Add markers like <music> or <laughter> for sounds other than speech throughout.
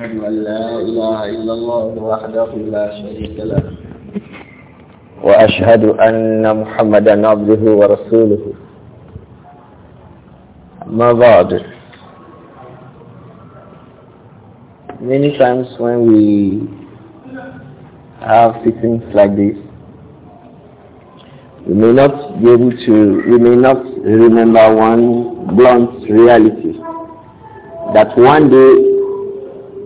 أن لا إله إلا الله وحده لا شريك له وأشهد أن محمدا عبده ورسوله بعد Many times when we have sittings like this, we may not be able to, we may not remember one blunt reality that one day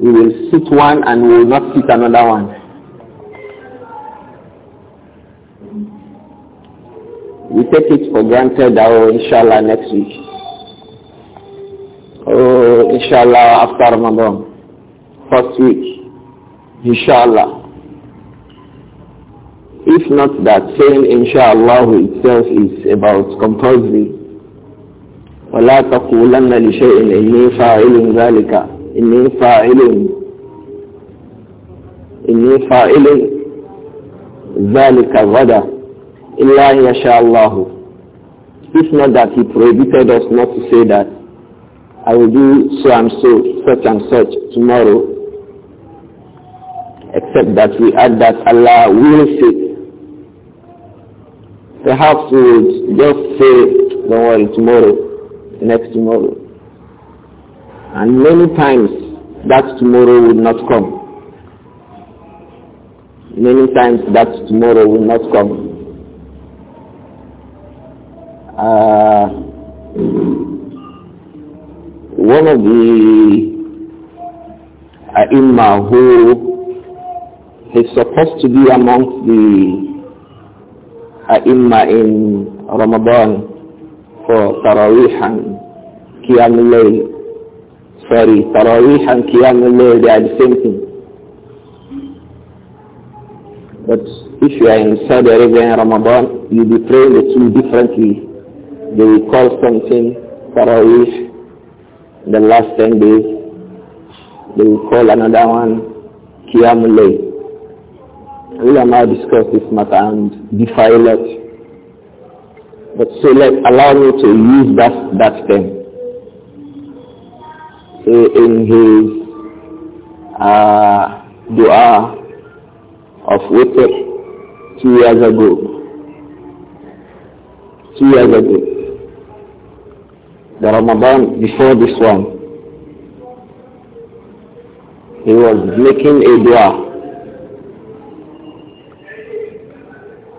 we will sit one and we will not sit another one. We take it for granted, oh, inshallah, next week. Oh, inshallah, after Ramadan. First week. Inshallah. If not that, saying inshallah itself is about compulsory. ولا تقولن لشيء إني فاعل ذلك إني فاعل إني فاعل ذلك غدا إلا إن شاء الله if not that he prohibited us not to say that I will do so and so, such and such tomorrow. Except that we add that Allah will say. Perhaps we would just say, don't worry, tomorrow, next tomorrow. And many times that tomorrow will not come. Many times that tomorrow will not come. Uh, one of the Aima uh, who is supposed to be amongst the Aima uh, in Ramadan for Taraweeh and Qiyamul Sorry, Taraweeh and Qiyamullah, they are the same thing. But if you are in Saudi Arabia in Ramadan, you'll be praying the two differently. They will call something Taraweeh the last 10 days. They will call another one We are now discuss this matter and defile it. But so let allow me to use that that term in his uh, dua of witr two years ago. Two years ago. The Ramadan before this one. He was making a dua.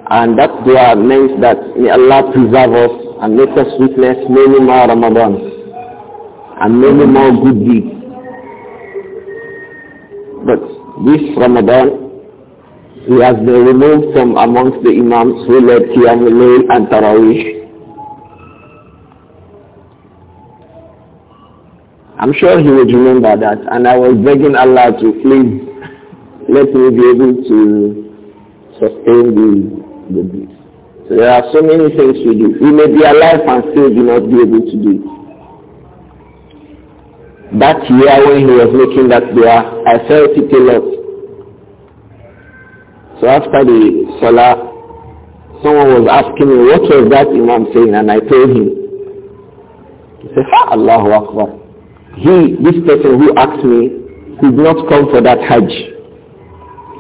And that dua means that may Allah preserve us and make us witness many more Ramadans and many more good deeds. But this Ramadan, he has been removed from amongst the imams who led Qiyamul and Taraweeh. I'm sure he would remember that and I was begging Allah to please let me be able to sustain the, the deeds. So there are so many things to do. We may be alive and still do not be able to do it. That year when he was making that dua, I felt it a lot. So after the salah, someone was asking me, what was that Imam saying? And I told him. He said, Ha Allahu Akbar. He, this person who asked me, could not come for that Hajj.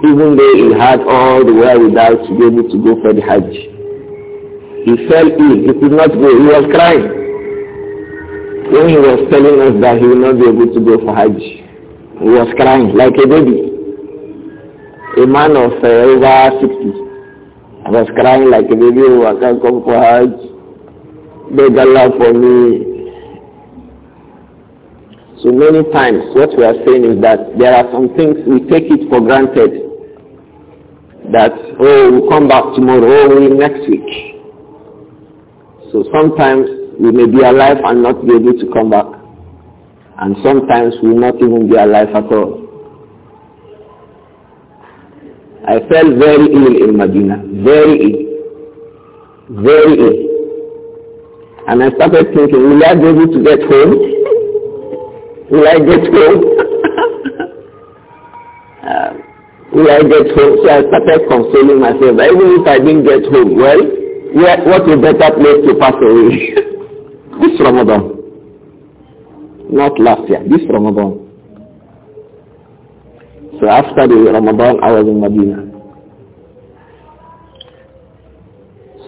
Even though he had all the wherewithal to be able to go for the Hajj. He fell ill. He could not go. He was crying. When he was telling us that he will not be able to go for Hajj, he was crying like a baby. A man of uh, over 60. he was crying like a baby, oh, I can't come for Hajj. Beg Allah for me. So many times what we are saying is that there are some things we take it for granted that, oh, we'll come back tomorrow, oh, we next week. So sometimes we may be alive and not be able to come back. And sometimes we will not even be alive at all. I felt very ill in Medina, very ill, very ill. And I started thinking, will I be able to get home? will I get home? uh, <laughs> will I get home? So I started consoling myself. Even if I didn't get home, well, what a better place to pass away. <laughs> This Ramadan. Not last year, this Ramadan. So after the Ramadan, I was in Medina.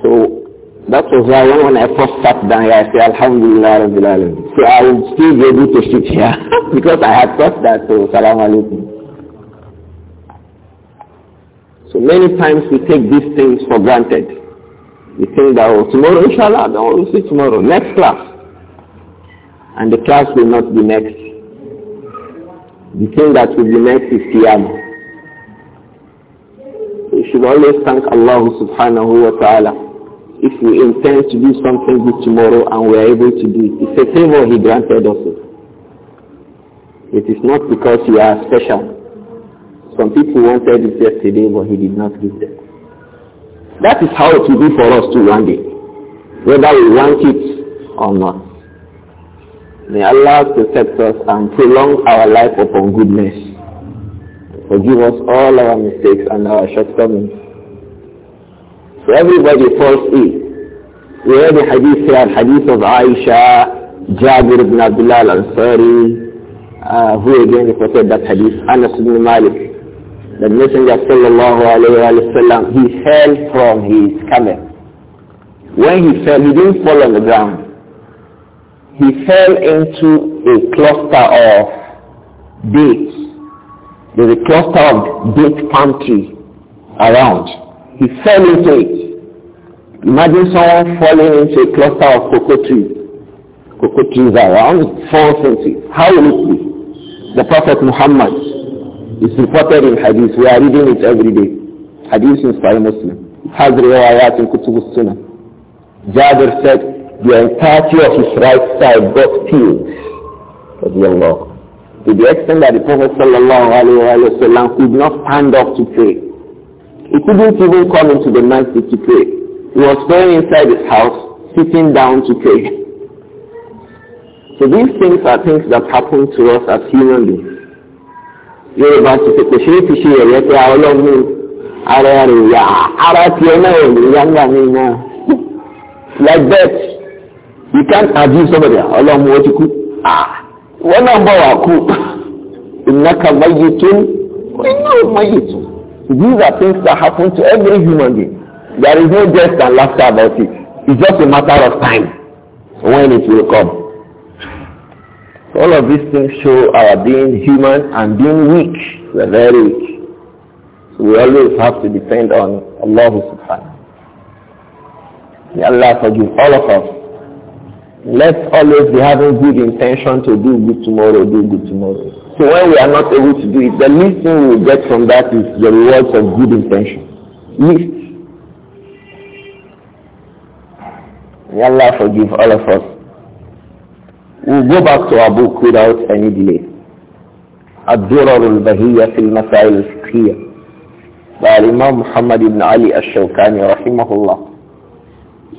So that was why when I first sat down here, I said, Alhamdulillah, Rabbil So I would still be able to sit here <laughs> because I had thought that, so Salaam Alaikum. So many times we take these things for granted. You think that oh, tomorrow, inshallah, don't we'll see tomorrow, next class. And the class will not be next. The thing that will be next is Qiyamah. We should always thank Allah subhanahu wa ta'ala if we intend to do something good tomorrow and we are able to do it. It's a favor he granted us. It is not because you are special. Some people wanted it yesterday, but he did not give them. That is how it will be for us too one day, whether we want it or not. May Allah protect us and prolong our life upon goodness. Forgive us all our mistakes and our shortcomings. So everybody falls ill. We heard the hadith here, hadith of Aisha, Jabir ibn Abdullah al-Ansari, uh, who again reported that hadith, Anas ibn Malik. The Messenger sallallahu alayhi wa sallam, he fell from his camel. When he fell, he didn't fall on the ground. He fell into a cluster of dates. There's a cluster of date palm tree around. He fell into it. Imagine someone falling into a cluster of cocoa trees. Cocoa trees around, falls into it. How will it be? The Prophet Muhammad it's reported in hadith. We are reading it every day. Hadith in Sahih Muslim. It has riwayat in Kutub Sunnah. Jabir said, the entirety of his right side got peeled. To the extent that the Prophet wasallam could not stand up to pray. He couldn't even come into the masjid to pray. He was going inside his house, sitting down to pray. <laughs> So these things are things that happen to us as human beings. yorùbá ti pèpè ṣe é fi ṣe yẹ̀yẹ́ pé ọlọ́run ara rẹ̀ yà ara tiẹ̀ náà ò ní yá ńlá mi náà like that you can't abuse somebody ọlọ́run ó ti kú wọ́n náà bọ̀ wá kú ìnáka mayé tún inú mayé tún these are things that happen to every human being there is no death and laughter about it it's just a matter of time when it will come. all of these things show our being human and being weak. We are very weak. So we always have to depend on Allah subhanahu. May Allah forgive all of us. Let's always be having good intention to do good tomorrow, do good tomorrow. So when we are not able to do it, the least thing we get from that is the rewards of good intention. Least. May Allah forgive all of us. We'll go back to our book without any delay. الدرر البهية في المسائل الفقهية by Imam Muhammad ibn Ali al-Shawkani rahimahullah.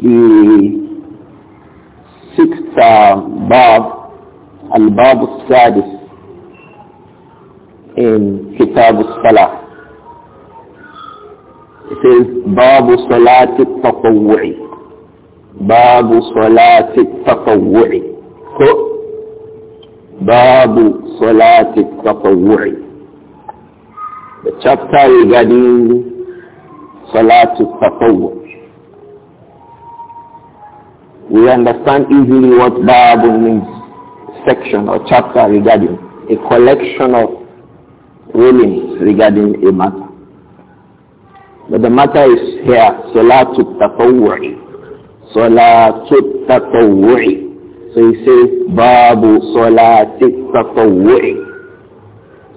The sixth uh, bab, al-bab al-sadis in Kitab al-Salah. It says, باب صلاة التطوع باب صلاة التطوع ko babu salati tatawwu'i the chapter regarding salati tatawwu we understand easily what babu means section or chapter regarding a collection of rulings regarding a matter but the matter is here salatu tatawwu'i salatu tatawwu'i so he says, Babu Salati Tatawwi.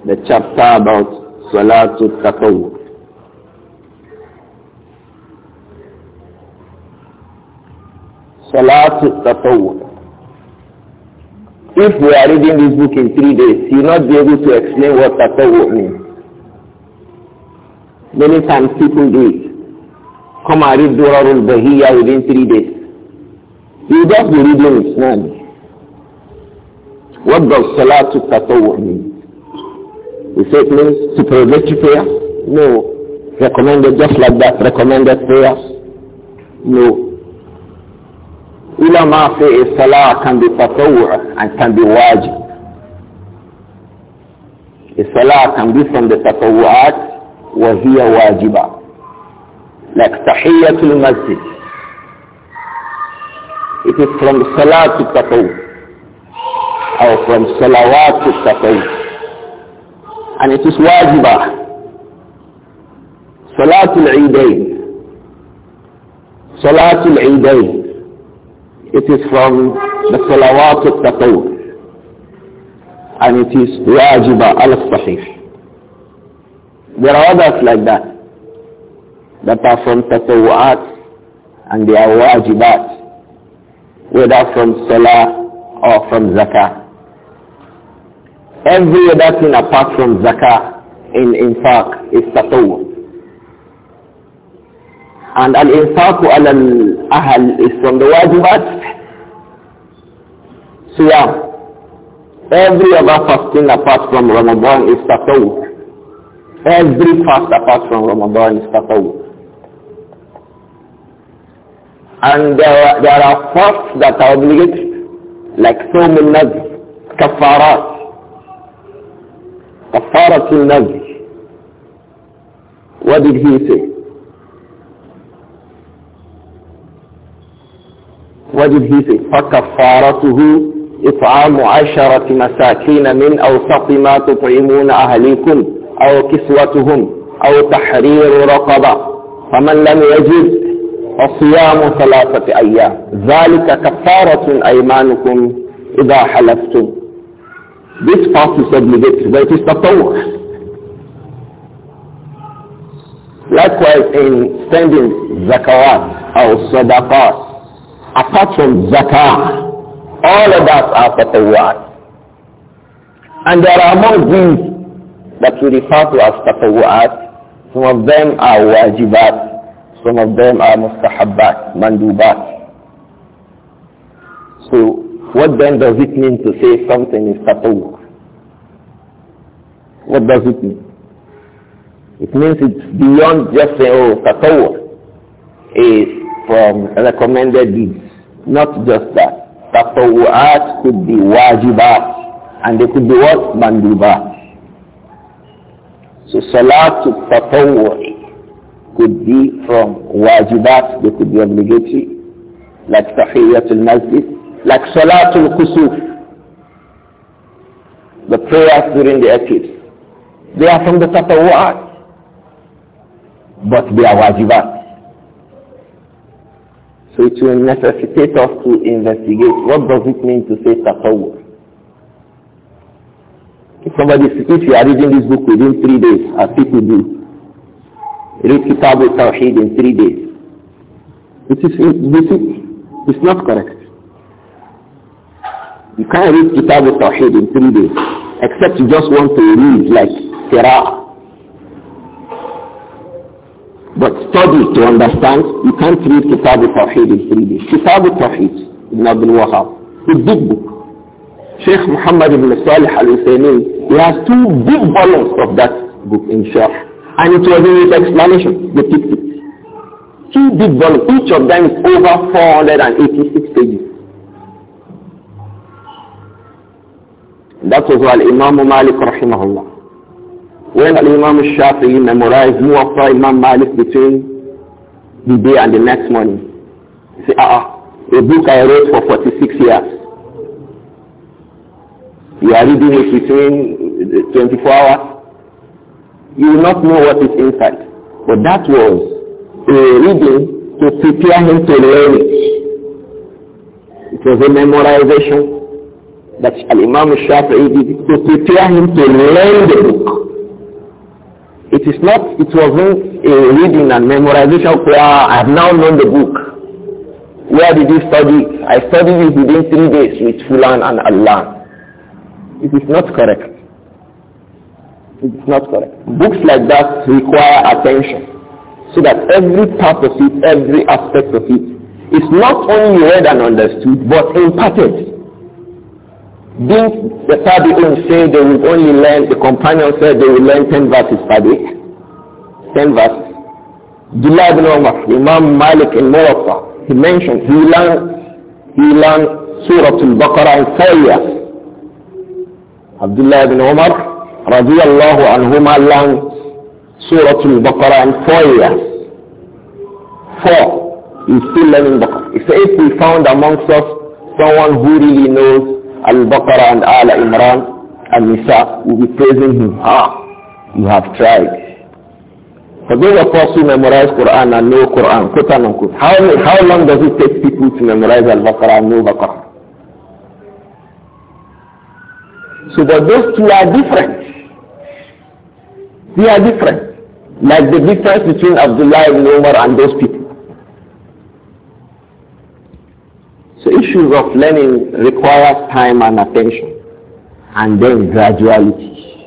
The chapter about Salatu Tatawwi. Salatu Tatawwi. If we are reading this book in three days, you will not be able to explain what Tatawwi means. Many times people do it. Come and read Dura al-Bahiyya within three days. He will just be reading Islam. What does to Tatawwur mean? He said it means supererogatory prayer? No. Recommended just like that, recommended prayers? No. Ulama say a salah can be tatawwur and can be wajib. A salah can be from the tatawwu'at wa hiya wajiba. Like tahiyatul masjid. It is from Salat to or from Salawat to And it is wajibah. Salat al-Eidain. Salat al-Eidain. It is from the Salawat al And it is wajibah al-Sahih. There are others like that that are from tatawu'at and they are wajibat whether from salah or from zakah. Every other thing apart from zakah in infaq is tatawwu. And al-infaqu al-ahl is from the wajibat. Siyam. Yeah, every other fasting apart from Ramadan is tatawwu. Every fast apart from Ramadan is tatawwu. And there, there are thoughts that are obligated like so many nazr Kafarat, Kafarat al-Nazr. What did he say? What did he say? فَكَفَّارَتُهُ إطعام عشرة مساكين من أوسط ما تطعمون أهليكم أو كسوتهم أو تحرير رقبة فمن لم يجد وصيام ثلاثة أيام ذلك كفارة أيمانكم إذا حلفتم This part is obligatory, but it is tatawwah. Likewise in spending zakawat or sadaqat, apart from zakah, all of that are tatawwah. And there are more these that we refer to as tatawwah. Some of them are wajibat, some of them are mustahabbat, mandubat. So what then does it mean to say something is tatawwur? What does it mean? It means it's beyond just saying, oh, tatawwur is from recommended deeds. Not just that. Tatawwu'at could be wajibat and they could be what? Mandubat. So salat tatawwur could be from wajibat, they could be obligatory, like tahiyyatul masjid, like salatul kusuf, the prayers during the eclipse. They are from the tatawwa'at, but they are wajibat. So it will necessitate us to investigate what does it mean to say tatawwa. If somebody, if you are reading this book within three days, as people do, read Kitab al-Tawheed in three days. It is, this is it's not correct. You can't read Kitab al-Tawheed in three days, except you just want to read like Qira'ah. But study to understand, you can't read Kitab al-Tawheed in three days. Kitab al-Tawheed, Ibn Abdul Wahab, a big book. Sheikh Muhammad ibn Salih al-Husaymin, he has two big volumes of that book in Sharh. And it was in his explanation, they picked it. Two big volumes, each of them is over 486 pages. That was why Imam Malik rahimahullah. When Imam Shafi'i memorized Muwafa Imam Malik between the day and the next morning, he said, ah, ah, a book I wrote for 46 years. You are reading it between 24 hours you will not know what is inside. But that was a reading to prepare him to learn it. It was a memorization that Al-Imam Shafi'i did to prepare him to learn the book. It is not, it wasn't a reading and memorization prayer. I have now known the book. Where did you study? I studied it within three days with Fulan and Allah. It is not correct. It's not correct. Books like that require attention so that every part of it, every aspect of it is not only read and understood but imparted. Didn't the Tabi'un say they will only learn, the companion said they will learn 10 verses per day? 10 verses. Abdullah Imam Malik in Morocco, he mentioned he learned, he learned Surah Al-Baqarah in Abdullah ibn Umar radiallahu anhuma learned Surah Al-Baqarah and four years. Four. He's still learning Baqarah. So if we found amongst us someone who really knows Al-Baqarah and Al Imran and Nisa, we'll be praising him. Ah, you have tried. For those of us who memorize Quran and know Quran, quote unquote, how, how long does it take people to memorize Al-Baqarah and know Baqarah? So but those two are different. They are different. Like the difference between Abdullah ibn Umar and those people. So issues of learning requires time and attention. And then graduality.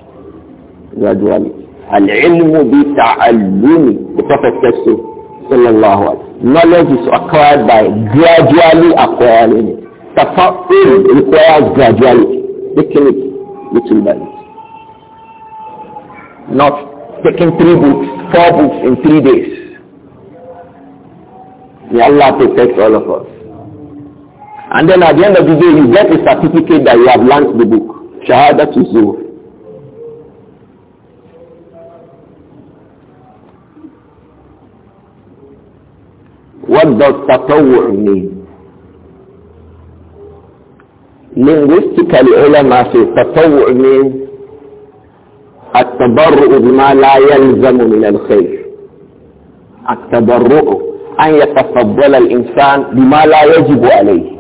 Graduality. Al-ilmu bi-ta'allumi. The Prophet says so. Sallallahu knowledge is acquired by gradually acquiring it. Tafa'ul requires graduality, making it little by little not taking three books, four books in three days. May Allah protect all of us. And then at the end of the day, you get a certificate that you have learned the book. Shahada to Zuhr. What does tatawwu' mean? Linguistically, ulama say tatawwu' means التبرؤ بما لا يلزم من الخير التبرؤ أن يتفضل الإنسان بما لا يجب عليه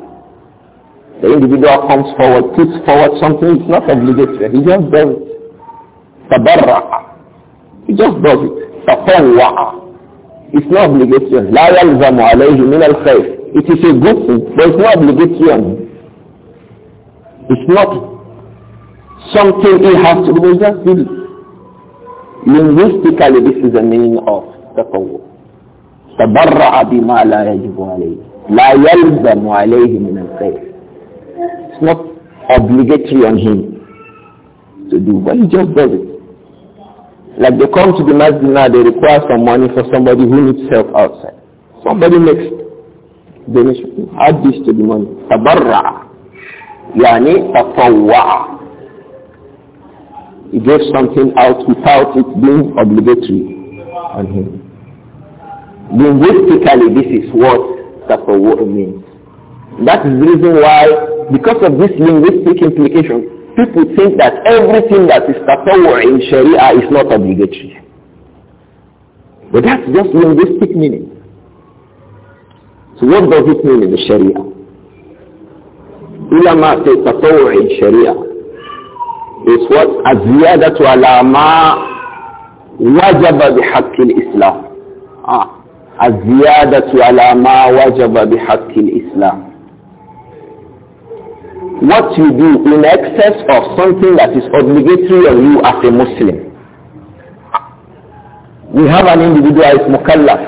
The individual comes forward, puts forward something it's not obligatory. He just does it. تبرع. He just does it. تطوع. It's not obligatory. لا يلزم عليه من الخير. It is a good thing, but it's not obligatory. It's not something he has to do that linguistically this is the meaning of taqawwu تبرع بما لا يجب عليه لا يلزم عليه من الخير it's not obligatory on him to do but he just does it like they come to the masjid now they require some money for somebody who needs help outside somebody makes donation add this to the money تبرع يعني تطوع he gave something out without it being obligatory on him. Linguistically, this is what taqwa means. That is the reason why, because of this linguistic implication, people think that everything that is taqwa in Sharia is not obligatory. But that's just linguistic meaning. So what does it mean in the Sharia? Ulama say in Sharia is what aziyadatu ala ma wajaba bihaqqi al-islam ah aziyadatu ala ma wajaba bihaqqi al-islam what you do in excess of something that is obligatory on you as a muslim we have an individual is mukallaf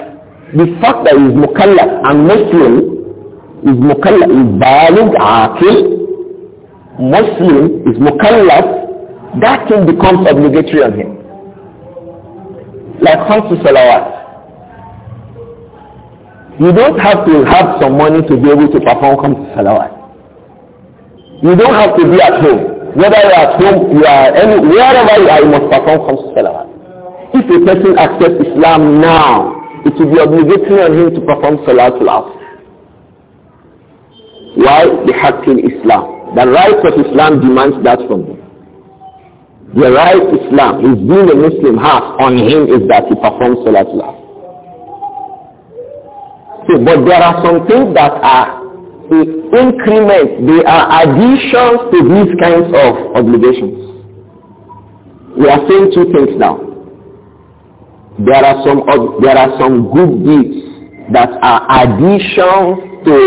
the fact that he is mukallaf and muslim is mukallaf is balig aqil muslim is mukallaf that thing becomes obligatory on him. Like comes to salawat. You don't have to have some money to be able to perform comes to salawat. You don't have to be at home. Whether you are at home, you are any, wherever you are, you must perform comes to salawat. If a person accepts Islam now, it will be obligatory on him to perform to us. Why? The in Islam. The rights of Islam demands that from him. The right Islam, his being a Muslim has on him is that he performs Salah. See, but there are some things that are the increments, they are additions to these kinds of obligations. We are saying two things now. There are some, there are some good deeds that are additions to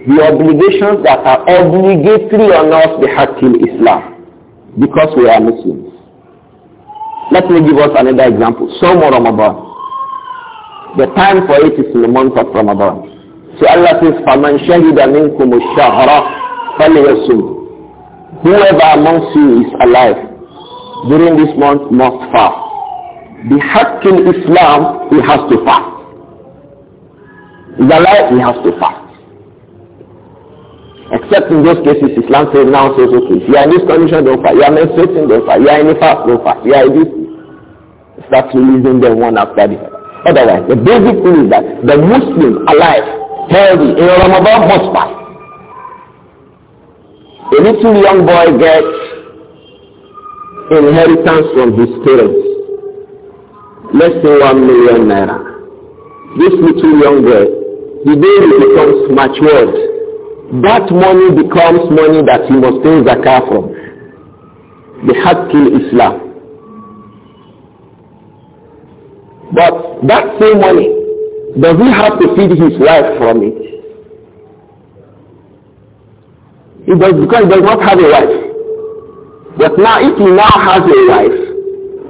the obligations that are obligatory on us, the Hakil Islam because we are Muslims. Let me give us another example. Some Ramadan. The time for it is in the month of Ramadan. So Allah says, فَمَنْ شَهِدَ مِنْكُمُ الشَّهْرَ فَلْيَسُمْ Whoever amongst you is alive during this month must fast. The in Islam he has to fast. The alive he has to fast. Except in those cases, Islam say now so so if you are in this condition, do fight. You are menstruating, do fight. You are in the fast, do fight. You are in this. Start releasing them one after the other. Otherwise, the basic thing is that the Muslim alive, healthy, in Ramadan must fast. A little young boy gets inheritance from his parents. Less than one million naira. This little young boy, the day he becomes matured, that money becomes money that he must pay zakah from. The Haqqil Islam. But that same money, does he have to feed his wife from it? It does because he does not have a wife. But now if he now has a wife,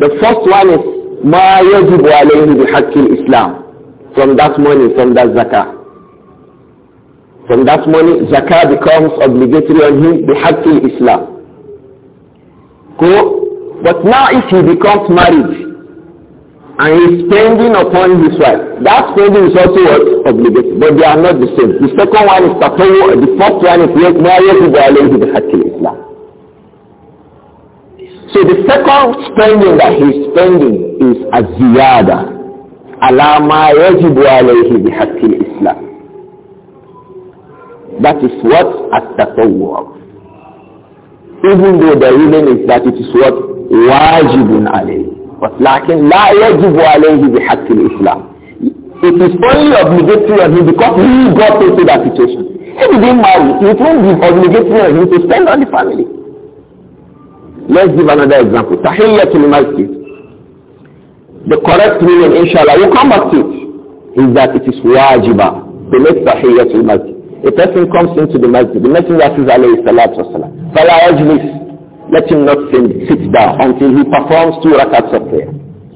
the first one is ما يجب عليه بحق Islam from that money, from that zakah. From that money, zakah becomes obligatory on him bihaqil Islam. Go. But now if he becomes married and he's spending upon his wife, that spending is also what? Obligatory. But they are not the same. The second one is tatawu, the first one is to the bihaqil Islam. So the second spending that he's spending is aziyada. Alama yajibu alayhi bihaqil that is what? at work. Even though the ruling is that it is what? Wajibun alayhi. But lakin la yajibu alayhi bihaqqi al-Islam. It is only obligatory on him because he got into that situation. If he didn't marry, it won't be obligatory on him to spend on the family. Let's give another example. Tahiyyatul Masjid. The correct meaning, inshallah, you come back to it, is that it is wajiba to make Tahiyyatul Masjid. A person comes into the masjid. The Messenger says, alayhi salatu wasalam, Fala ajlis. Let him not sit down until he performs two rakats of prayer.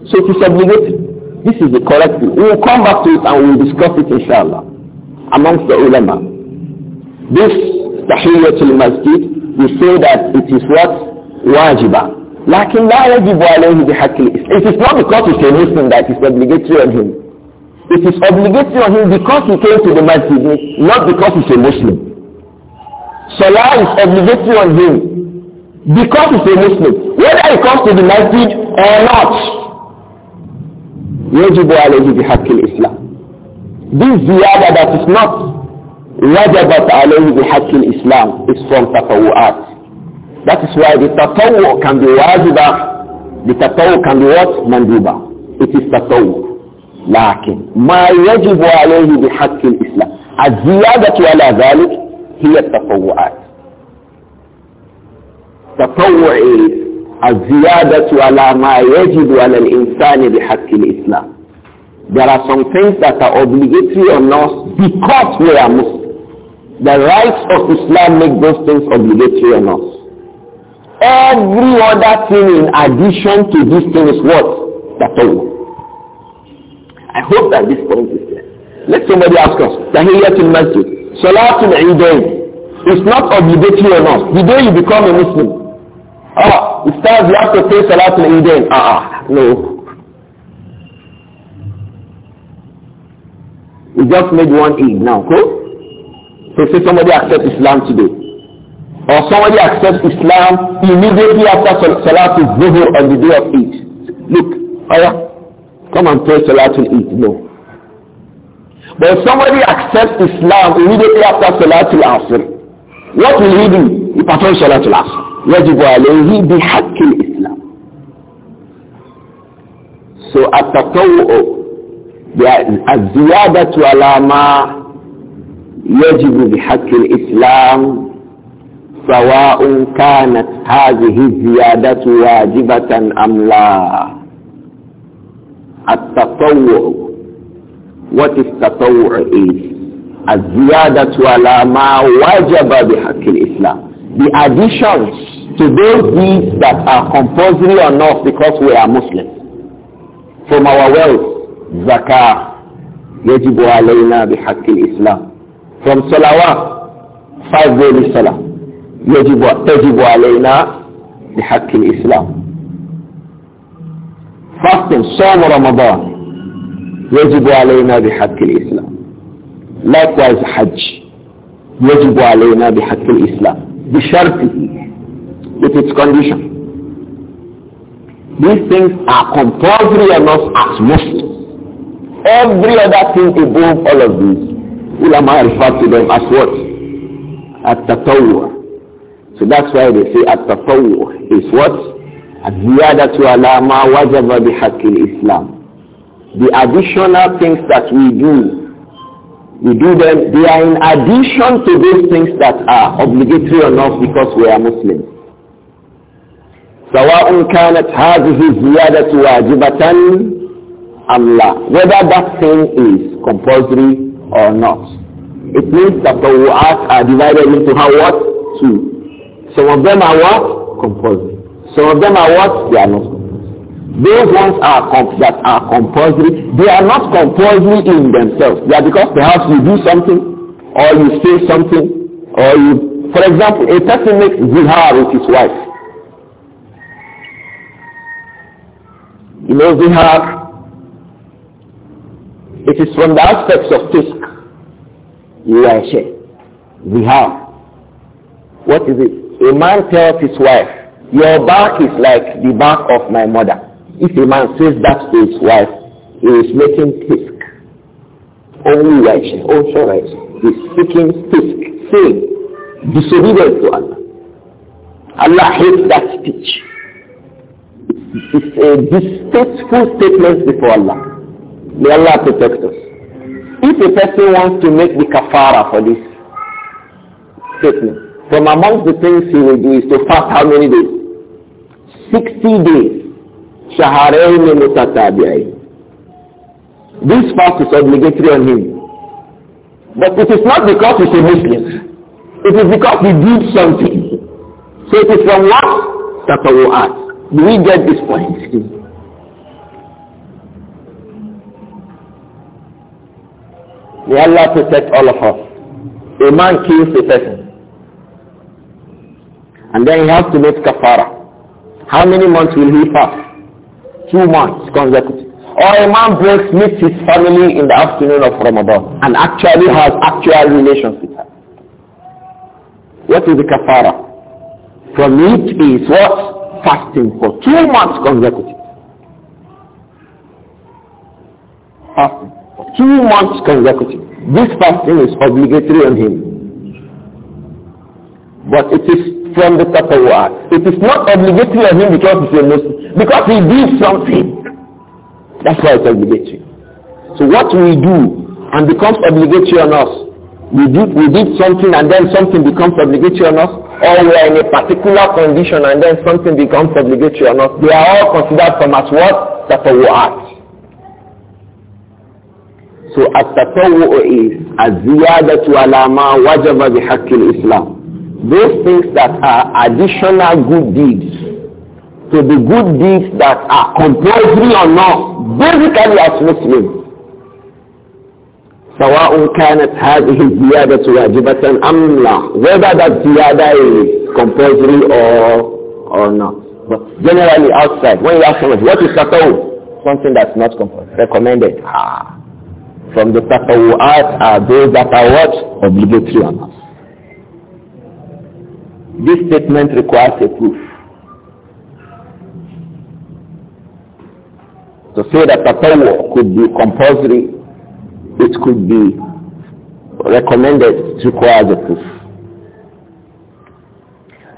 So it is obligated. This is the correct thing. We will come back to it and we will discuss it inshallah amongst the ulama. This tahiyyatul masjid, we say that it is what? Wajiba. لكن لا يجب عليه بحق It is not because it's a Muslim that it's obligatory on him. It is obligatory on him because he came to the masjid, not because he's a Muslim. Salah is obligatory on him because he's a Muslim, whether he comes to the masjid or not. يجب عليه بحق الإسلام. This ziyada that is not وجبت عليه بحق الإسلام is from تطوعات. That is why the tatawwu can be wajiba, the tatawwu can be what? Manduba. It is tatawwu. لكن ما يجب عليه بحق الإسلام الزيادة على ذلك هي التطوعات تطوع الزيادة على ما يجب على الإنسان بحق الإسلام There are some things that are obligatory on us because we are Muslims. The rights of Islam make those things obligatory on us. Every other thing in addition to this thing is what? Tatawu. I hope that this point is clear. Let somebody ask us, Tahiyyatul Masjid, Salatul Eidain, it's not obligatory on us. The day you become a Muslim, ah, it starts you have to pray Salatul Eidain. Ah, ah, no. We just made one Eid now, cool? So say somebody accepts Islam today. Or somebody accepts Islam immediately after Salatul Zuhur on the day of Eid. Look, ayah. Come and pray Salatul Eid. No. But if somebody accepts Islam immediately after Salatul Asr, what will he do? He performs Salatul Asr. يجب عليه بحق الإسلام. So التطوع الزيادة على ما يجب بحق الإسلام سواء كانت هذه الزيادة واجبة أم لا التطوع what is tatawwu is الزيادة على ما وجب بحق الإسلام the additions to those deeds that are compulsory on not because we are Muslims from our wealth zakah يجب علينا بحق الإسلام from Salah, five daily salah يجب تجب علينا بحق الإسلام فاصل صوم رمضان يجب علينا بحق الإسلام likewise حج يجب علينا بحق الإسلام بشرطه with its condition these things are compulsory on us as Muslims every other thing above all of these ulama refer to them as what at-tatawwur so that's why they say at-tatawwur is what الزيادة على ما وجب بحق الإسلام the additional things that we do we do them they are in addition to those things that are obligatory on us because we are Muslims سواء كانت هذه الزيادة واجبة أم لا whether that thing is compulsory or not it means that the words are divided into how what two some of them are what compulsory some of them are what? They are not. Those ones are that are compulsory, they are not compulsory in themselves. They are because perhaps you do something, or you say something, or you, for example, a person makes zihar with his wife. You know zihar? It is from the aspects of fisk. You are a Zihar. What is it? A man tells his wife, your back is like the back of my mother. If a man says that to his wife, he is making fisk. Only righteous, also righteous. He is seeking fisk, sin, Disobedient to Allah. Allah hates that speech. It's a distasteful statement before Allah. May Allah protect us. If a person wants to make the kafara for this statement, from amongst the things he will do is to fast how many days? 60 days شهرين متتابعين This fast is obligatory on him. But it is not because he's a Muslim. It is because he did something. So it is from what? ask. Do we get this point? May Allah protect all of us. A man kills a person. And then he has to make kafara. How many months will he fast? Two months consecutive. Or a man breaks, meets his family in the afternoon of Ramadan and actually has actual relations with her. What is the kafara? From it is what? Fasting for two months consecutive. Fasting. For two months consecutive. This fasting is obligatory on him. But it is from the taqwa. It is not obligatory on him because he's a Muslim. Because he did something. That's why it's obligatory. So what we do and becomes obligatory on us, we did, we did something and then something becomes obligatory on us, or we are in a particular condition and then something becomes obligatory on us, they are all considered from as what? Taqwa. So at-tatawwu is az-ziyadatu ala ma wajaba bihaqqi al-Islam those things that are additional good deeds to the good deeds that are compulsory or not, basically as Muslims. سواء كانت هذه الزيادة واجبة أم لا whether that زيادة is compulsory or, or not but generally outside when you ask someone what is tataww something that's not compulsory recommended ah. from the tatawwat are those that are what obligatory on us this statement requires a proof. To say that tatawwa could be compulsory, it could be recommended, requires a proof.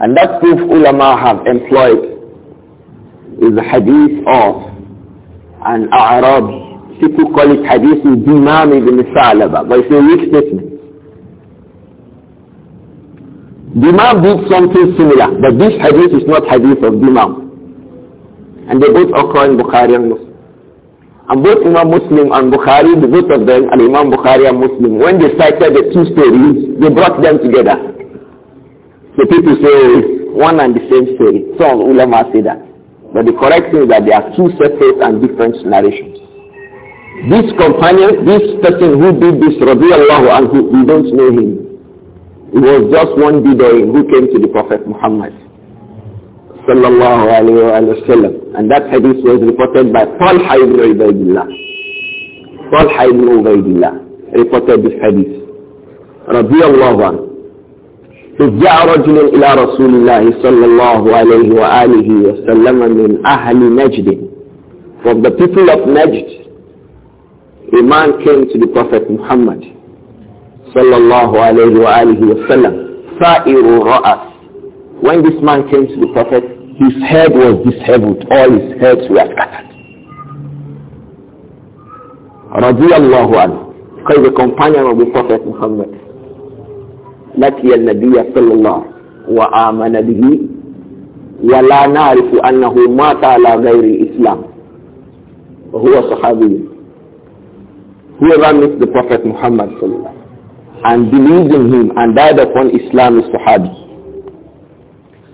And that proof ulama have employed is the hadith of an Arab. People call it hadith of Imam ibn Salaba, but it's a weak statement. The Imam did something similar, but this hadith is not hadith of the Imam. And they both occur in Bukhari and Muslim. And both Imam Muslim and Bukhari, the both of them, and Imam Bukhari and Muslim, when they cited the two stories, they brought them together. The people say one and the same story. Some ulama say that. But the correct thing is that they are two separate and different narrations. This companion, this person who did this, Rabi Allahu Anhu, we don't know him. It was just one Bidawi who came to the Prophet Muhammad sallallahu alayhi wa sallam. And that hadith was reported by Talha ibn Ubaidillah. Talha ibn Ubaidillah reported this hadith. رضي الله عنه إذ جاء رجل إلى رسول الله صلى الله عليه وآله وسلم من أهل نجد From the people of Najd, a man came to the Prophet Muhammad sallallahu alayhi wa alihi wasallam, sa'iru ra'as. When this man came to the Prophet, his head was disheveled. All his heads were scattered. Radiallahu anhu. Because the companion of the Prophet Muhammad, لقي النبي صلى الله وآمن به ولا نعرف أنه مات على غير الإسلام وهو صحابي whoever meets the Prophet Muhammad صلى الله عليه وسلم and believed in him and died upon Islam is Sahabi.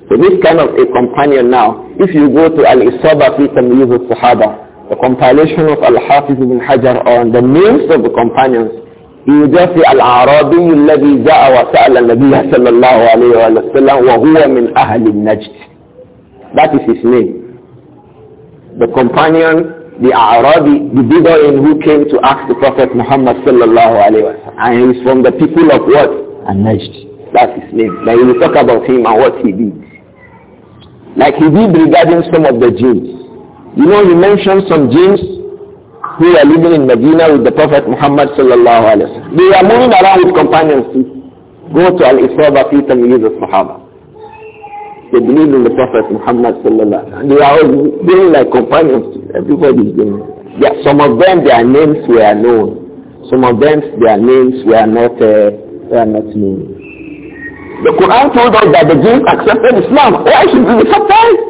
So this kind of a companion now, if you go to Al-Isaba fi Tamyiz al-Sahaba, the compilation of Al-Hafiz ibn Hajar on the names of the companions, you just say Al-Arabi الذي جاء وسأل النبي صلى الله عليه وسلم وهو من أهل النجد. That is his name. The companion the Arabi, the Bedouin who came to ask the Prophet Muhammad sallallahu alayhi wa sallam. And he is from the people of what? An-Najd. That's his name. Now we will talk about him and what he did. Like he did regarding some of the Jews. You know, he mentioned some Jews who were living in Medina with the Prophet Muhammad sallallahu alayhi wa sallam. They were moving around with companions to go to Al-Isra fi Tamyiz al-Sahaba. They believe in the Prophet Muhammad sallallahu they are all being like companions. Everybody is doing Yeah, some of them, their names were known. Some of them, their names were not, uh, are not known. The Quran told us that the Jews accepted Islam. Why should we be surprised?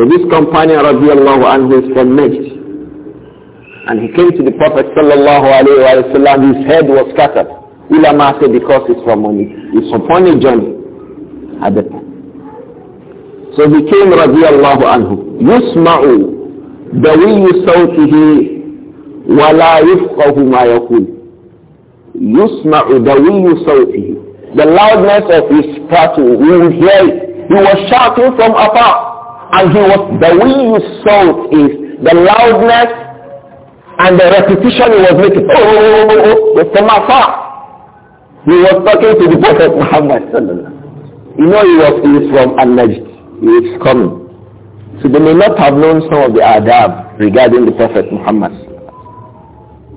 So this companion, radiallahu anhu, is from Najd. And he came to the Prophet sallallahu alayhi wa sallam, his head was scattered. Ulama said because it's from money. It's from funny journey. So he came radiallahu anhu. يسمع to him, ولا يفقه ما يقول يسمع دوي صوته The loudness of his prattle, he will hear it. He was shouting from afar. And he was, the way you saw is the loudness and the repetition he was making. Oh, oh, oh, oh, oh, from afar. He was talking to the Prophet Muhammad sallallahu you know he was, he was from al He was coming. So they may not have known some of the adab regarding the Prophet Muhammad.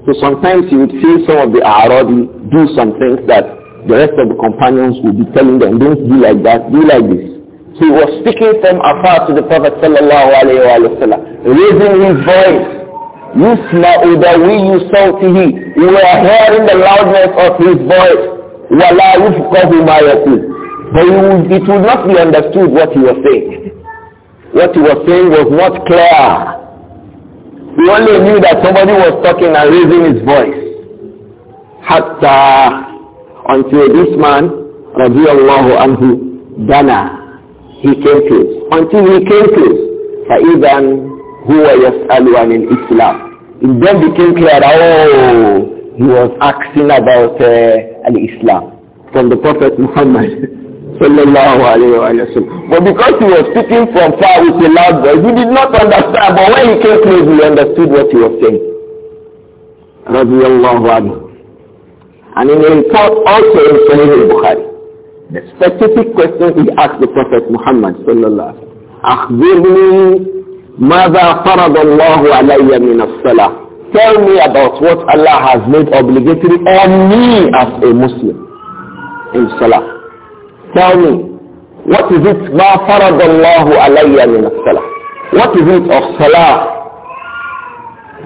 So sometimes you would see some of the Arabi do some things that the rest of the companions would be telling them, don't do like that, do like this. So he was speaking from afar to the Prophet sallallahu alayhi wa sallam, raising his voice. يُسْمَعُ دَوِيُّ صَوْتِهِ You were hearing the loudness of his voice. وَلَا يُفْقَهُ مَا يَقُولُ but would, it would not be understood what he was saying. What he was saying was not clear. He only knew that somebody was talking and raising his voice. Hatta until this man, radiallahu anhu, dana, he came close. Until he came close, even who were هُوَ يَسْأَلُ in Islam, It then became clear that, oh, he was asking about uh, al-Islam from the Prophet Muhammad <laughs> sallallahu alayhi wa But because he was speaking from far with a loud voice, he did not understand. But when he came close, he understood what he was saying. Radiallahu anhu. And in a report also in Sahih al-Bukhari, the specific question he asked the Prophet Muhammad sallallahu alayhi wa ماذا فرض الله علي من tell me about what Allah has made obligatory on me as a Muslim in Salah. Tell me, what is it? ma فرض الله علي من الصلاة. What is it of salah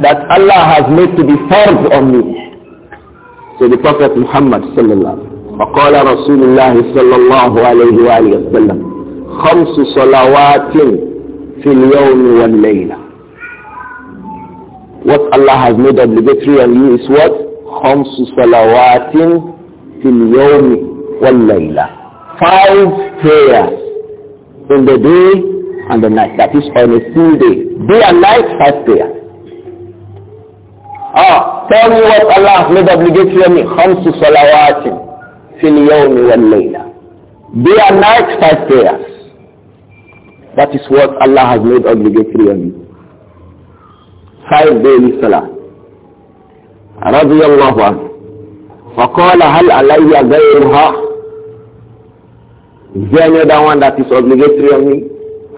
that Allah has made to be farz on me? So the Prophet Muhammad sallallahu الله عليه وسلم فقال رسول الله صلى الله عليه وآله وسلم خمس صلوات في اليوم والليلة. What Allah has made obligatory on you is what? خمس صلوات في اليوم والليلة five prayers in the day and the night. That is on a full day. Day and night, five prayers. Ah, tell me what Allah made obligatory on me. Khamsu salawatin fil yawmi wal layla. Day and night, five prayers. That is what Allah has made obligatory on you. Five daily salah. رضي الله عنه وقال هل علي غيرها is there any other one that is obligatory on me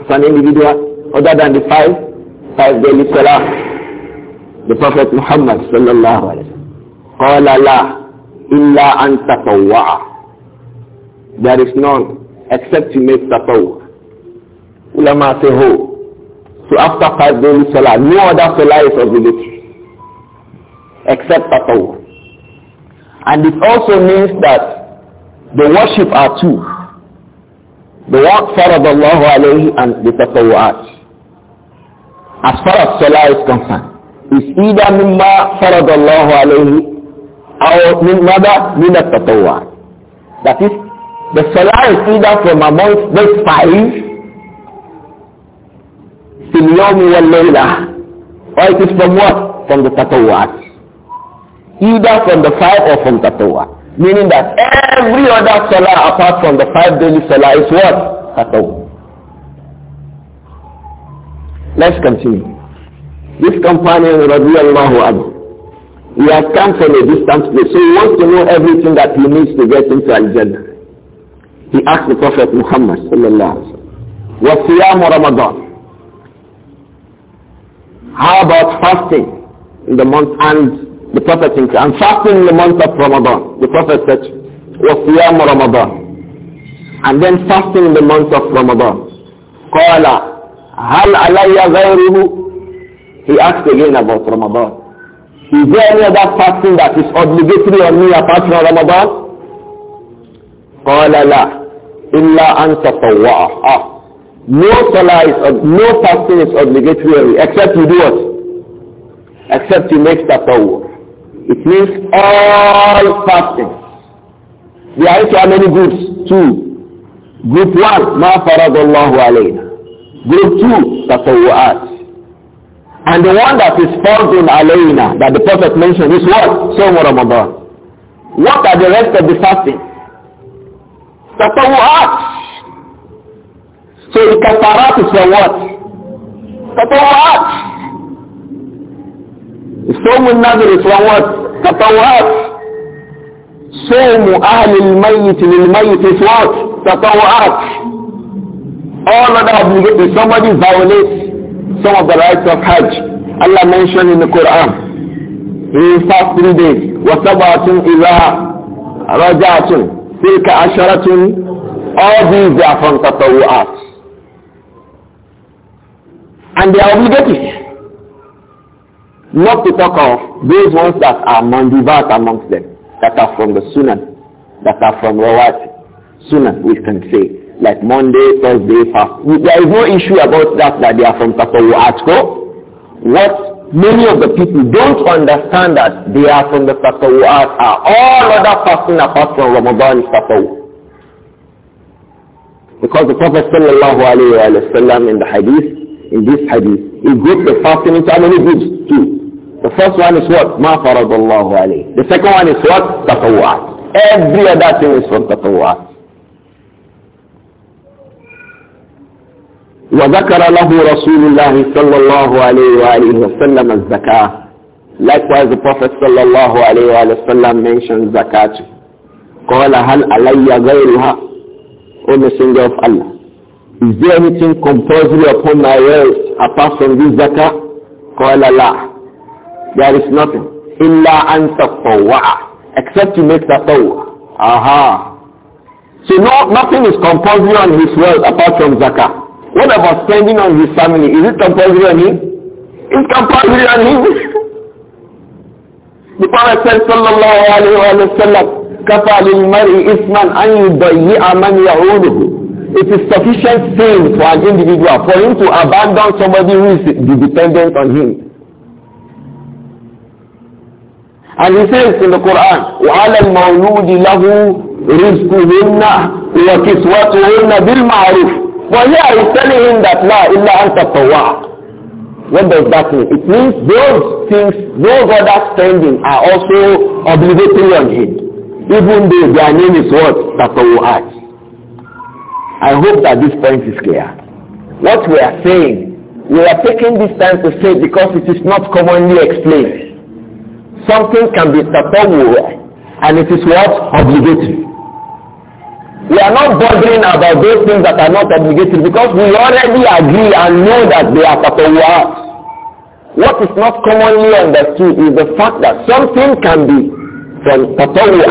as an individual other than the five? Five daily salah. The Prophet Muhammad sallallahu alayhi wa sallam. la illa an tatawwa'a. There is none except you make tatawwa. Ulama say ho. So after five daily salah, no other salah is obligatory except tatawwa. And it also means that the worship are two. The work farad Allah alayhi and the tatawwa'at. As far as salah is concerned, is either mimma farad Allah alayhi or min mada min tatawwa'at. That is, the salah is either from amongst those five في wal والليلة or it is from what? From the tatawwa'at. Either from the five or from tatawwa'at. Meaning that every other salah apart from the five daily salah is what? Tatawwud. Let's continue. This companion, radiallahu anhu, he has come from a distant place, so he wants to know everything that he needs to get into Al-Jannah. He asked the Prophet Muhammad sallallahu alaihi wasallam, "Wasiyamu Ramadan? How about fasting in the month and the Prophet said, and fasting in the month of Ramadan. The Prophet said, وَصِيَامُ Ramadan. And then fasting in the month of Ramadan. قَالَ هَلْ عَلَيَّ غَيْرُهُ He asked again about Ramadan. Is there any other fasting that is obligatory on me apart from Ramadan? قَالَ لَا إِلَّا أَن تَطَوَّعَ no salah is, no fasting is obligatory except you do what? Except you make tatawwur. It means all fasting. We are into how many groups? Two. Group one, ما فرض الله علينا. Group two, تطوعات. And the one that is فرض علينا, that the Prophet mentioned, is what? Sawm Ramadan. What are the rest of the fasting? تطوعات. So the kafarat is for what? تطوعات. صوم النذر إصلاوات تطوعات صوم أهل الميت للميت إصلاوات تطوعات all other obligations. Somebody violates some of the rights of Hajj. Allah mentioned in the Quran. He fast three days. وَسَبَعَةٌ إِذَا رَجَعَةٌ تِلْكَ عَشَرَةٌ All these are from And they are obligatory. Not to talk of those ones that are mandivat amongst them, that are from the sunnah, that are from rawat sunnah, we can say, like Monday, Thursday, fast. There is no issue about that, that they are from Tatawu Atko. What many of the people don't understand that they are from the Tatawu are all other fasting apart from Ramadan is Tatawu. Because the Prophet sallallahu alayhi wa sallam in the hadith, in this hadith, he grouped the fasting into how many groups? Two. The first one is what? Ma faradallahu alayh. The second one is what? Taqawwa. Every other thing is from taqawwa. وذكر له رسول الله صلى الله عليه وآله وسلم الزكاة Likewise the Prophet صلى الله عليه وآله وسلم mentioned, zakat قال هل علي غيرها O Messenger of Allah Is there anything compulsory upon my wealth apart from this zakah? قال لا there is nothing. Illa an tatawwa'a. Except to make tatawwa. Aha. So no, nothing is compulsory on his wealth apart from zakah. What about spending on his family? Is it compulsory on him? It's compulsory on him. the Prophet said sallallahu alayhi wa كفى للمرء إثما أن يضيع من it is sufficient thing for an individual for him to abandon somebody who is dependent on him. And he says in the Quran, وَعَلَى الْمَوْلُودِ لَهُ رِزْقُهُنَّ وَكِسْوَتُهُنَّ بِالْمَعْرُوفِ But here he's telling him that la illa anta tawwa. What does that mean? It means those things, those other standing are also obligatory on him. Even though their name is what? Tatawwa'at. I hope that this point is clear. What we are saying, we are taking this time to say because it is not commonly explained. Something can be tatawwu and it is what? Obligatory. We are not bothering about those things that are not obligatory because we already agree and know that they are tatawwu'at. What is not commonly understood is the fact that something can be from a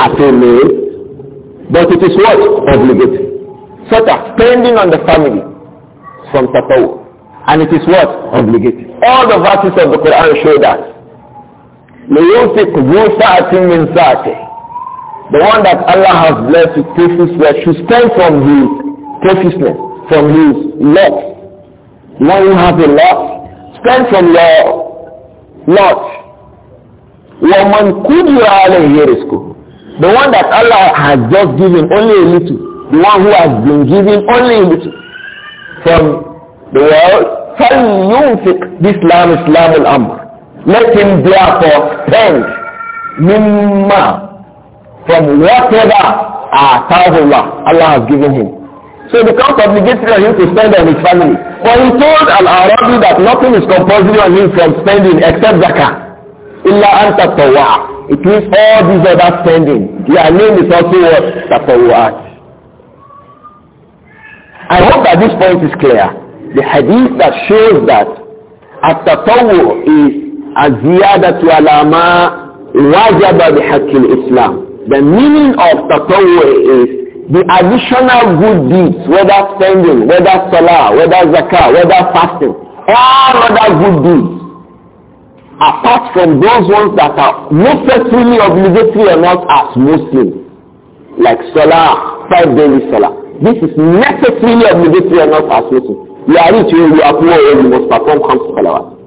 Atele, but it is what? Obligatory. Such as spending on the family from Tatawu. And it is what? Obligatory. All the verses of the Quran show that the one that Allah has blessed with precious wealth should spend from his preciousness, from his lot. When you have a lot, spend from your lot. all in عَلَيْهِ school? The one that Allah has just given only a little, the one who has been given only a little from the world, فَلْيُنْفِقْ This Islam is Islam of amr Let him therefore spend mimma from whatever atahullah Allah has given him. So it becomes obligatory on him to spend on his family. For he told Al-Arabi that nothing is compulsory on him from spending except zakah. Illa anta tawwa. It means all these other spending. Their name is also what? Tatawwa'at. I hope that this point is clear. The hadith that shows that at-tatawu is الزيادة على ما وجب بحق الإسلام The meaning of taqawwa is the additional good deeds, whether spending, whether salah, whether zakah, whether fasting, all other good deeds, apart from those ones that are necessarily obligatory or not as Muslims, like salah, five daily salah. This is necessarily obligatory or not as Muslims. You are rich, you are poor when you must perform comes to salawat.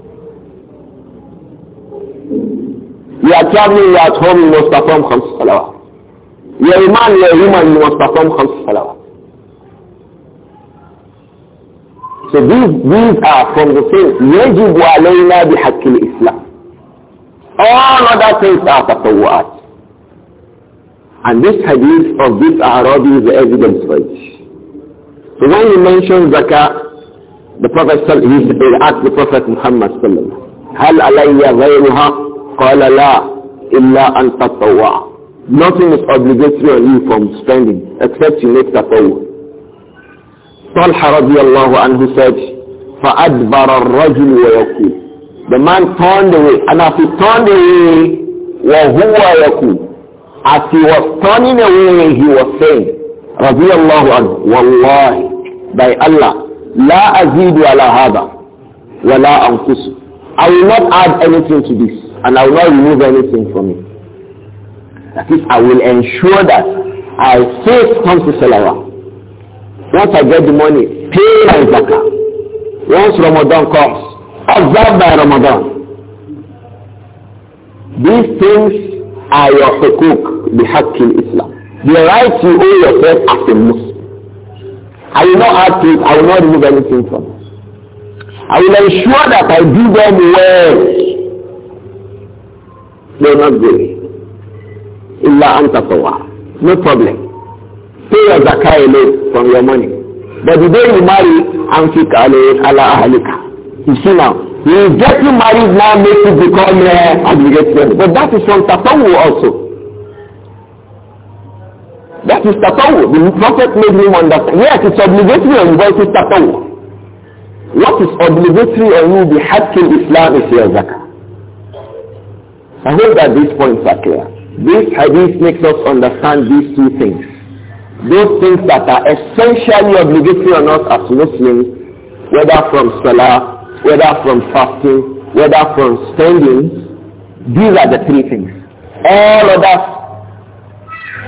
You are traveling, you are at home, you must perform Khams Salawat. You are a man, you are a woman, you must perform Khams Salawat. So these, these are from the things يجب علينا بحق الإسلام. All other things are tatawu'at. And this hadith of this Arabi is the evidence for it. So when he mention zakah, the Prophet said, he asked the Prophet Muhammad sallallahu هل علي غيرها قال لا إلا أن تطوع Nothing is obligatory on you from spending except you make taqawwa. Talha radiallahu anhu said, فَأَدْبَرَ الرَّجُلُ وَيَقُولُ The man turned away and as he turned away, وَهُوَ يَقُولُ As he was turning away, he was saying, radiallahu anhu, وَاللَّهِ By Allah, لَا أَزِيدُ عَلَى هَذَا وَلَا أَنْفُسُ I will not add anything to this and I will not remove anything from it. That is, I will ensure that I first come to Salawah. Once I get the money, pay my zakah. Once Ramadan comes, observe by Ramadan. These things are your hukuk, bihaqqi Islam. The right you owe yourself as a Muslim. I will not add to it, I will not remove anything from it. I will ensure that I do them well They will not doing. it. Illa antatawah. No problem. Pay your zakah alone from your money. But the day you marry, amfik alayhi ala ahalika. You see now, you getting married now makes you become an uh, eh, obligation. But that is from tatawu also. That is tatawu. The Prophet made me understand. Yes, it's obligatory on you, but tatawu. What is obligatory on you, the hakil Islam is your zakah. I hope that these points are clear. This hadith makes us understand these two things. Those things that are essentially obligatory on us as Muslims, whether from Salah, whether from fasting, whether from spending, these are the three things. All of us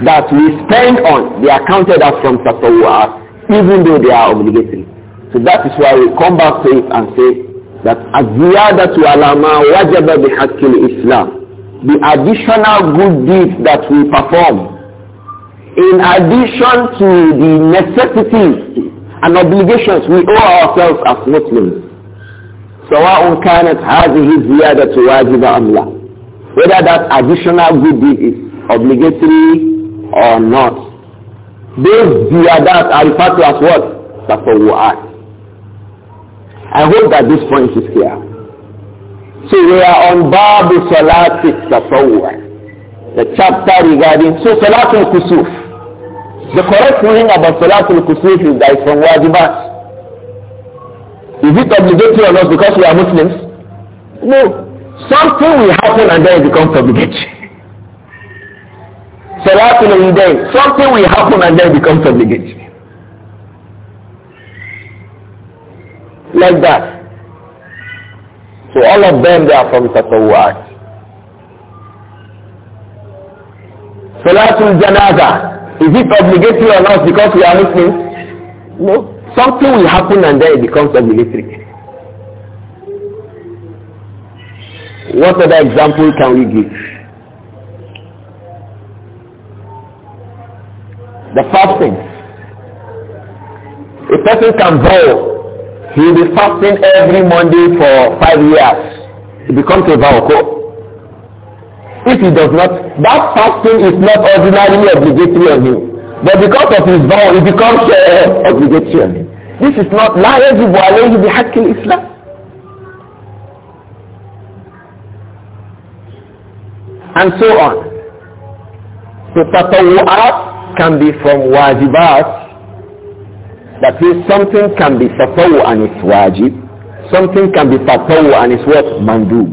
that we spend on, they are counted as from Tatawwa'at, even though they are obligatory. So that is why we come back to it and say that as-ziyadatu ala ma wajaba bihaqqi islam the additional good deeds that we perform in addition to the necessities and obligations we owe ourselves as Muslims. سواء كانت هذه are واجبة أم لا whether that additional good deed is obligatory or not. Those ziyadat are referred to as what? Tafawwa'at. I hope that this point is clear. So we are on Babu Salati Tasawwur, the chapter regarding, so Salatul Kusuf. The correct meaning about Salatul Kusuf is that it's from Wajibat. Is it obligatory on us because we are Muslims? No. Something will happen and then it becomes obligatory. Salatul Idain. Something will happen and then it becomes obligatory. Like that. So all of them, they are from So that's Salatul Janaza, is it obligatory or not because we are Muslims? No. Something will happen and then it becomes obligatory. What other example can we give? The first thing, A person can vote. he will be fasting every Monday for five years. He becomes a Vaoko. If he does not, that fasting is not ordinarily obligatory on him. But because of his vow, it becomes uh, obligatory on him. This is not لا يجب عليه بحق islam And so on. So tatawu'at can be from wajibat that means something can be fatawu and it's wajib. Something can be fatawu and it's what? Mandub.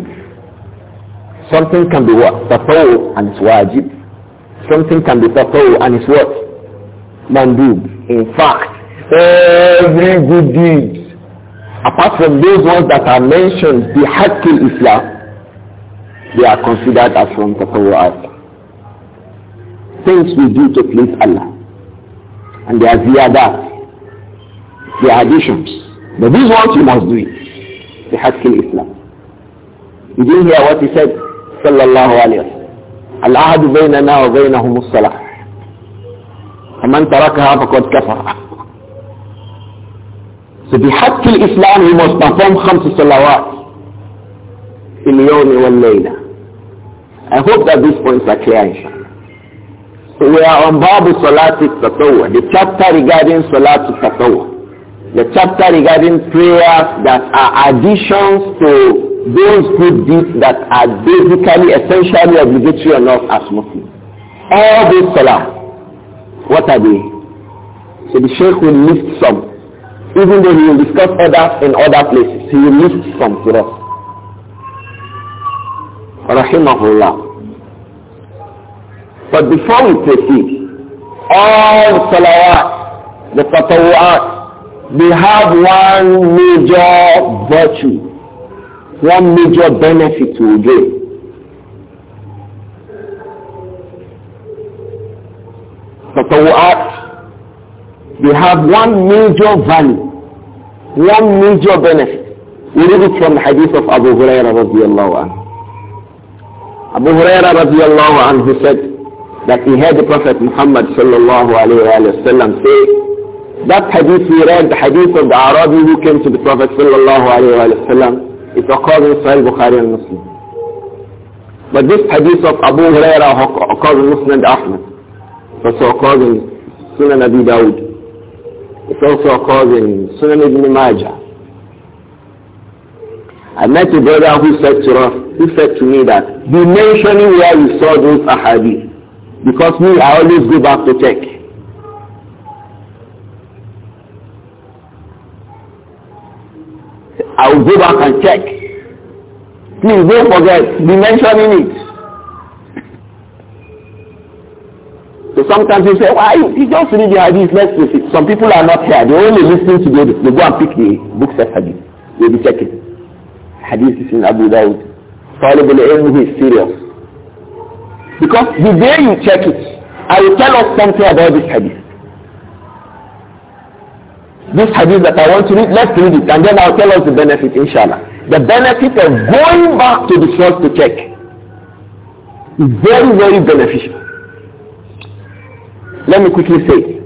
Something can be what? and it's wajib. Something can be fatawu and it's what? Mandub. In fact, every good deed, apart from those ones that are mentioned, the Hakil Islam, they are considered as from tatawu'at. Things we do to please Allah. And they are ziyadat the additions. But these ones you must do it. The Hakkil Islam. You didn't hear what he said? Sallallahu alayhi wa sallam. wa بيننا وبينهم الصلاة فمن تركها فقد So So بحق Islam, he must perform خمس In في wal والليلة I hope that these points are clear inshallah. So we are on Babu Salat al-Tatawwa, the chapter regarding Salat al-Tatawwa the chapter regarding prayers that are additions to those good deeds that are basically essentially obligatory on us as Muslims. All those salah, what are they? So the Sheikh will list some. Even though he will discuss others in other places, he will list some for us. Rahimahullah. But before we proceed, all the salawat, the fatawat, they have one major virtue, one major benefit to gain. Tatawu'at, they have one major value, one major benefit. We read it from the hadith of Abu Hurairah radiallahu anhu. Abu Hurairah radiallahu anhu said that he heard the Prophet Muhammad sallallahu alayhi wa sallam say, that hadith we read, the hadith of the Arabi who came to the Prophet sallallahu alayhi wa sallam, it occurs in Sahih Bukhari and Muslim. But this hadith of Abu Hurairah, occurs in Muslim Ahmad. It also occurs in Sunan Abi Dawud. It also occurs in Sunan Ibn Majah. I met a brother who said to us, who said to me that, be mentioning where you saw those ahadith. Because me, I always go back to check. I will go back and check. Please don't forget, be mentioning it. So sometimes you say, why? You just read the hadith, let's see. Some people are not here. They only listen to the, they go and pick the books of hadith. They'll be checking. Hadith is in Abu Dawud. Talib al-Ilm is serious. Because the day you check it, I will tell us something about this hadith. This hadith that I want to read, let's read it and then I'll tell us the benefit, inshallah. The benefit of going back to the source to check is very, very beneficial. Let me quickly say,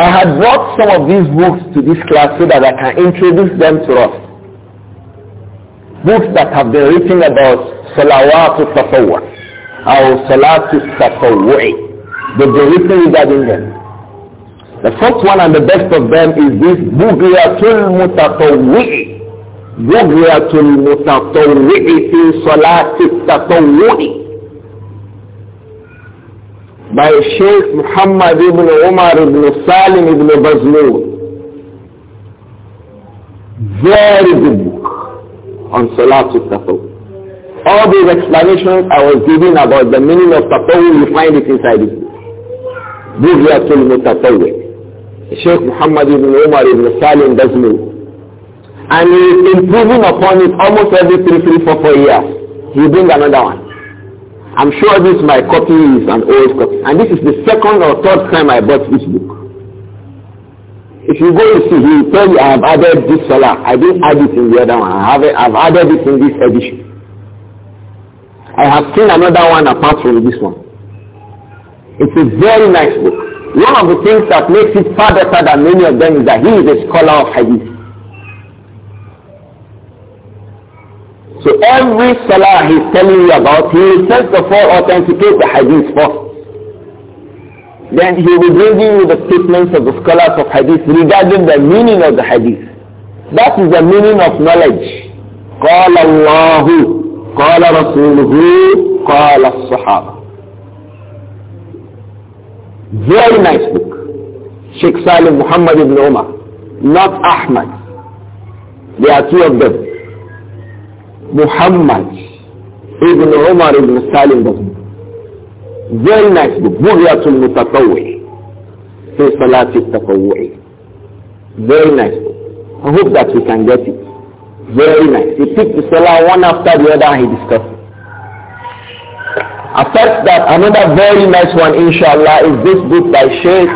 I had brought some of these books to this class so that I can introduce them to us. Books that have been written about Salawat al-Tasawwur, or Salat al-Tasawwur. They've been written regarding them. The first one and the best of them is this Bughyatul Mutatawwi. Bughyatul Mutatawwi fi Salati Tatawwi. By Sheikh Muhammad ibn Umar ibn Salim ibn Bazlul. Very good book on Salatul Tatawwi. All these explanations I was giving about the meaning of Tatawwi, you find it inside it. Bughyatul Mutatawwi. Sheikh Muhammad ibn Umar ibn Salim Ghazmi. And he is improving upon it almost every three, three, four, four years. He brings another one. I'm sure this my copy is an old copy. And this is the second or third time I bought this book. If you go and see, he will tell you I have added this salah. I didn't add it in the other one. I have I've added it in this edition. I have seen another one apart from this one. It's a very nice book. One of the things that makes it far better than many of them is that he is a scholar of hadith. So every scholar he's telling you about, he will first of all authenticate the hadith first. Then he will bring you the statements of the scholars of hadith regarding the meaning of the hadith. That is the meaning of knowledge. قال الله قال رسوله قال الصحابة very nice book. Sheikh Salim Muhammad ibn Umar, not Ahmad. There are two of them. Muhammad ibn Umar ibn Salim Very nice book. Bughyatul Mutatawwi. Fi Salati Tatawwi. Very nice book. I hope that we can get it. Very nice. He picked the Salah one after the other and he discussed Apart that, another very nice one, inshallah, is this book by Sheikh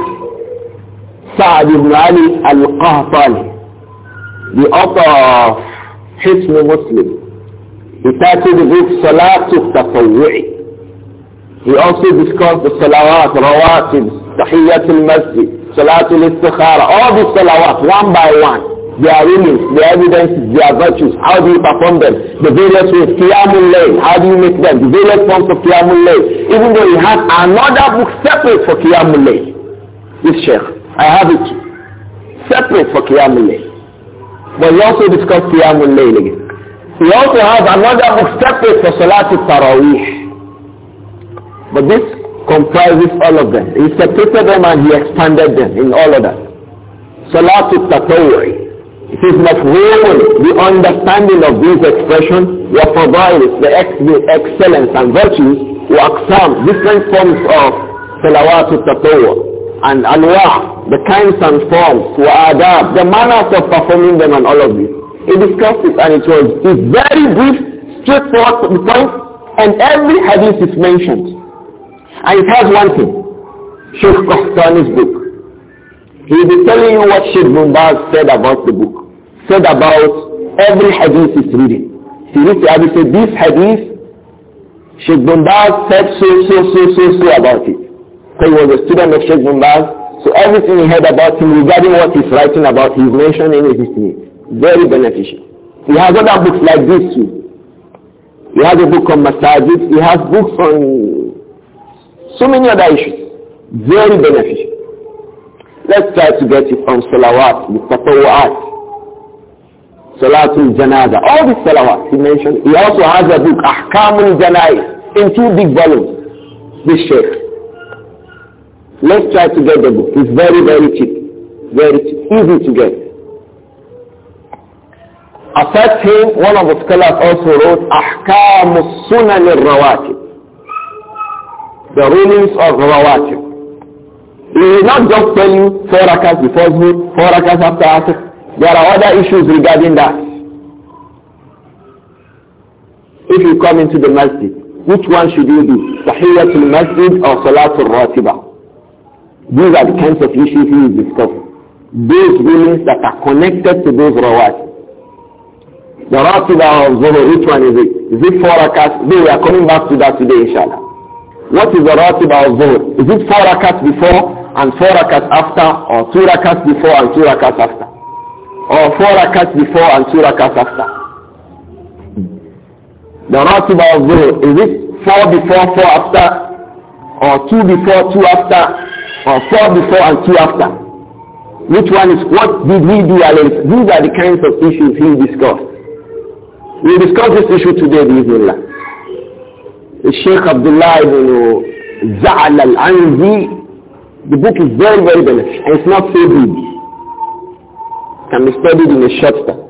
Sa'ad ibn Ali al-Qahtani, the author of Hisn Muslim. He titled the book Salatu Tatawwi. He also discussed the salawat, rawatib, tahiyat al-masjid, salatul istikhara, all the salawat, one by one their rulings, their evidences, their virtues, how do you perform them? The various ways, Qiyamul Lay, how do you make them? The various forms of Qiyamul Lay, Even though he has another book separate for Qiyamul Lay, This Sheikh, I have it. Separate for Qiyamul Lay, But he also discussed Qiyamul Lay again. He also has another book separate for Salatul tarawih, But this comprises all of them. He separated them and he expanded them in all of that. Salatul Tatawwi, it is مفهوم the understanding of these expressions provide the excellence and virtues وأقسام different forms of صلوات التطوع and anwa the kinds and forms وآداب the manners of performing them and all of this. It discussed it and it was it's very brief, straightforward to the point and every hadith is mentioned. And it has one thing. Sheikh Qahtani's book. He'll be telling you what Sheikh Mumbaz said about the book, said about every hadith he's reading. He reads the hadith, said this hadith, Sheikh Mumbaz said so, so, so, so, so about it. So he was a student of Sheikh Mumbaz, so everything he heard about him regarding what he's writing about, he's mentioning it his his Very beneficial. He has other books like this too. He has a book on massages. He has books on so many other issues. Very beneficial. Let's try to get it from salawat, the tatawwa'at. Salatul Janaza, all the salawat he mentioned. He also has a book, Ahkamul Janaiz, in two big volumes. This shape. let Let's try to get the book. It's very, very cheap. Very cheap. Easy to get. Aside him, one of the scholars also wrote Ahkamus Sunan al-Rawatib. The rulings of Rawatib. He will not just tell you four rakats before Zuhr, four rakats after Asr. There are other issues regarding that. If you come into the masjid, which one should you do? Sahiyatul masjid or Salatul Ratiba? These are the kinds of issues he is discussing. Those rulings that are connected to those rawat. The Ratiba of which one is it? Is it four rakats? We are coming back to that today, inshallah. What is the Ratiba of Is it four rakats before and four rakats after or two rakats before and two rakats after or four rakats before and two rakats after the ratiba of zuhr is it four before four after or two before two after or four before and two after which one is what did we do Alex? these are the kinds of issues he discussed we discuss this issue today bismillah Sheikh Abdullah ibn Za'al al-Anzi the book is very, very beneficial and it's not so big. It can be studied in a short time.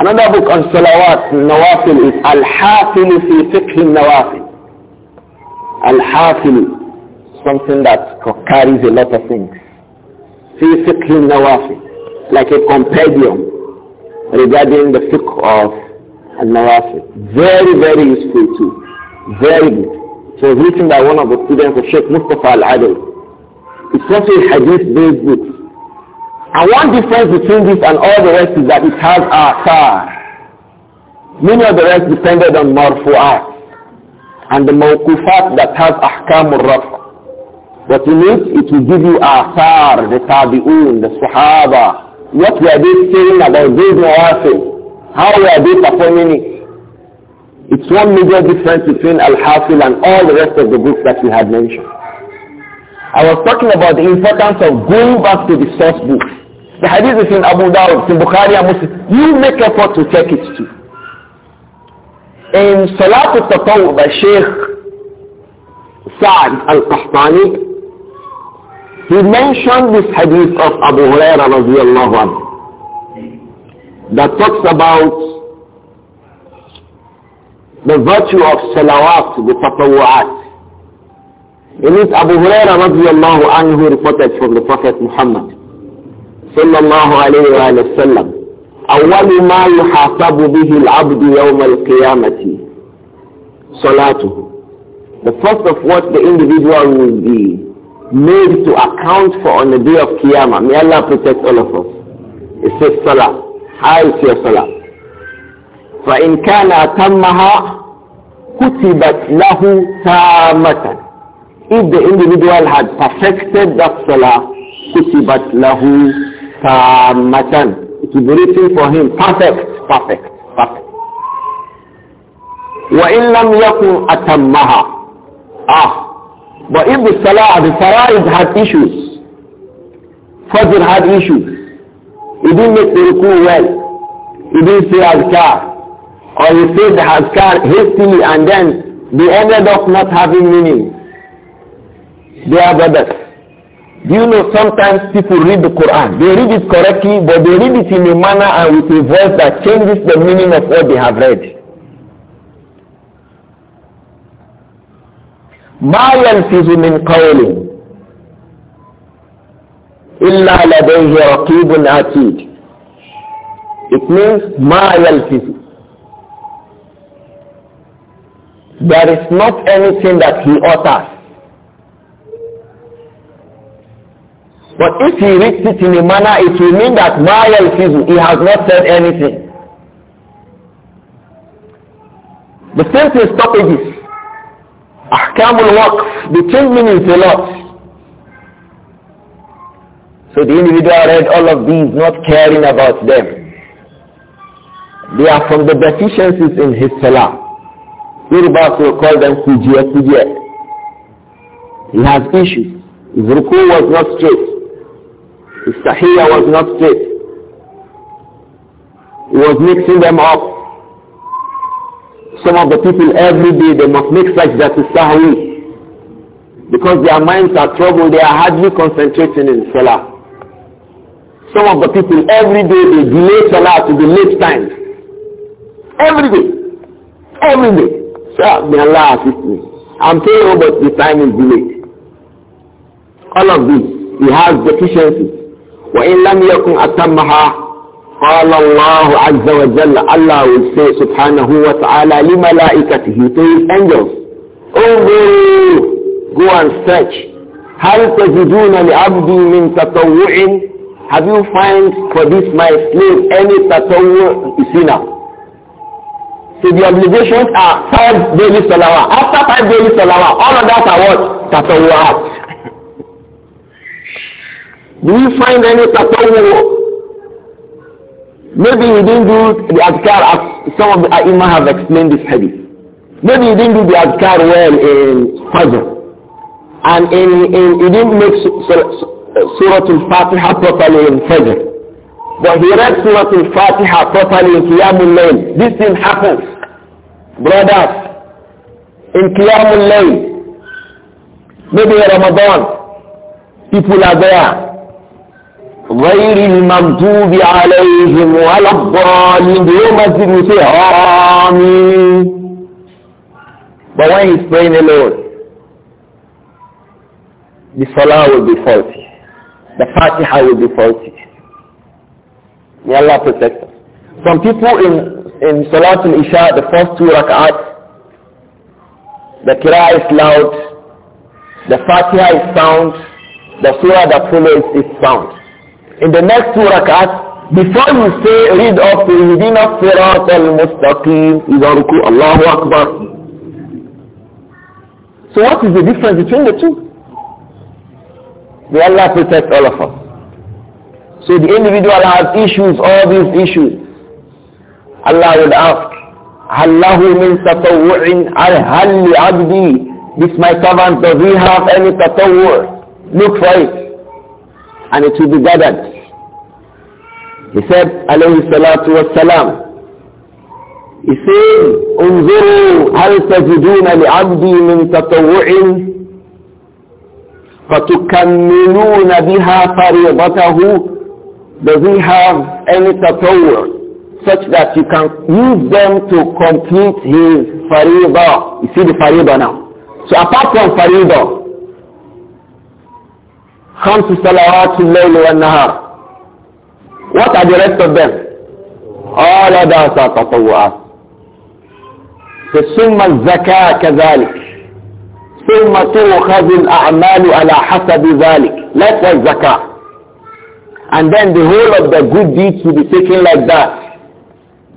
Another book on Salawat, Nawafil is Al-Hafil fi Fiqh Nawafil. Al-Hafil, something that carries a lot of things. Fi Fiqh Nawafil, like a compendium regarding the fiqh of Al-Nawafil. Very, very useful too. Very good. So it was written by one of the students of Sheikh Mustafa Al-Adil. It's not a hadith-based book. And one difference between this and all the rest is that it has athar. Many of the rest depended on marfu'at and the mawqufat that has ahkam al-raf. But in it, it will give you athar, the tabi'un, the sahaba. What were they saying about these How were they performing it? It's one major difference between Al-Hafil and all the rest of the books that we had mentioned. I was talking about the importance of going back to the source book. The hadith is in Abu Dawud, in Bukhari and Muslim. You make effort to check it too. In Salatul Tatawu by Sheikh Sa'd al-Qahtani, he mentioned this hadith of Abu Huraira radiallahu anhu that talks about the virtue of salawat, the tatawu'at. In it, Abu Huraira radiallahu anhu reported from the Prophet Muhammad sallallahu alayhi wa sallam, أول ما يحاسب به العبد يوم القيامة صلاته The first of what the individual will be made to account for on the day of Qiyamah. May Allah protect all of us. It says Salah. How is your Salah? فإن كان أتمها كتبت له تامة if the individual had perfected that salah, kutibat lahu tamatan. It will be written for him perfect, perfect, perfect. وَإِنْ لَمْ يَكُنْ أَتَمَّهَا Ah, but if the salah, the fara'id had issues, Fajr had issues, he didn't make the ruku well, he didn't say azkar, or he said the azkar hastily and then they ended up not having meaning. They are brothers, do you know sometimes people read the Quran? They read it correctly, but they read it in a manner and with a voice that changes the meaning of what they have read. ما يلفظ من قول إلا لديه رقيب عتيد It means ما يلفظ There is not anything that he utters But if he reads it in a manner, it will mean that Maya he has not said anything. The same thing stoppages. Ahkamul Waqf, the change meanings a lot. So the individual read all of these not caring about them. They are from the deficiencies in his salah. Yorubas will call them kujia kujia. He has issues. His ruku was not straight. His was not straight. He was mixing them up. Some of the people every day they must mix like that is sahwi. Because their minds are troubled, they are hardly concentrating in salah. Some of the people every day they delay salah to the late times. Every day. Every day. So may Allah assist me. I'm telling you about the time is delayed. All of this, he has deficiencies. وإن لم يكن أتمها قال الله عز وجل الله will say لملائكته to his angels انظروا go and search هل تجدون لعبدي من تطوع have you find for this my slave any تطوع سنة so the obligations are five daily salawat after five daily salawat all of that are what tatawwuat Do you find any tatawwu? Maybe you didn't do the adhkar as some of the ai have explained this hadith. Maybe you didn't do the adhkar well in Fajr. And in, in, you didn't make Surah Al-Fatiha properly in Fajr. But he read Surah Al-Fatiha properly in Qiyamul Layl. This thing happens. Brothers, in Qiyamul Layl, maybe in Ramadan, people are there غير المغضوب عليهم ولا الضالين يوم الدين آمين but when he's praying alone the salah will be faulty the fatiha will be faulty may Allah protect us some people in in Salatul Isha the first two rak'at the kira is loud the Fatiha is sound the surah that follows is sound in the next two before you say read up to Ihdina Sirat al-Mustaqim إذا ركوع الله أكبر So what is the difference between the two? May Allah protect all of us. So the individual has issues, all these issues. Allah will ask, هَلَّهُ مِنْ تَطَوُّعٍ هَلْ لِعَبْدِي This my servant, does he have any tatawwu'? Look for it. And it will be gathered. He said, alayhi salatu salam." he said, انظروا هل تجدون لعبدي من تطوع فتكملون بها فريضته Does he have any tatawur such that you can use them to complete his fariba. You see the fariba now. So apart from faridah, خمس صلوات الليل والنهار what are the rest of them? All others are tatawu'at. So ثم الزكاة كذلك ثم تؤخذ الأعمال ala حسب ذلك likewise zakah and then the whole of the good deeds will be taken like that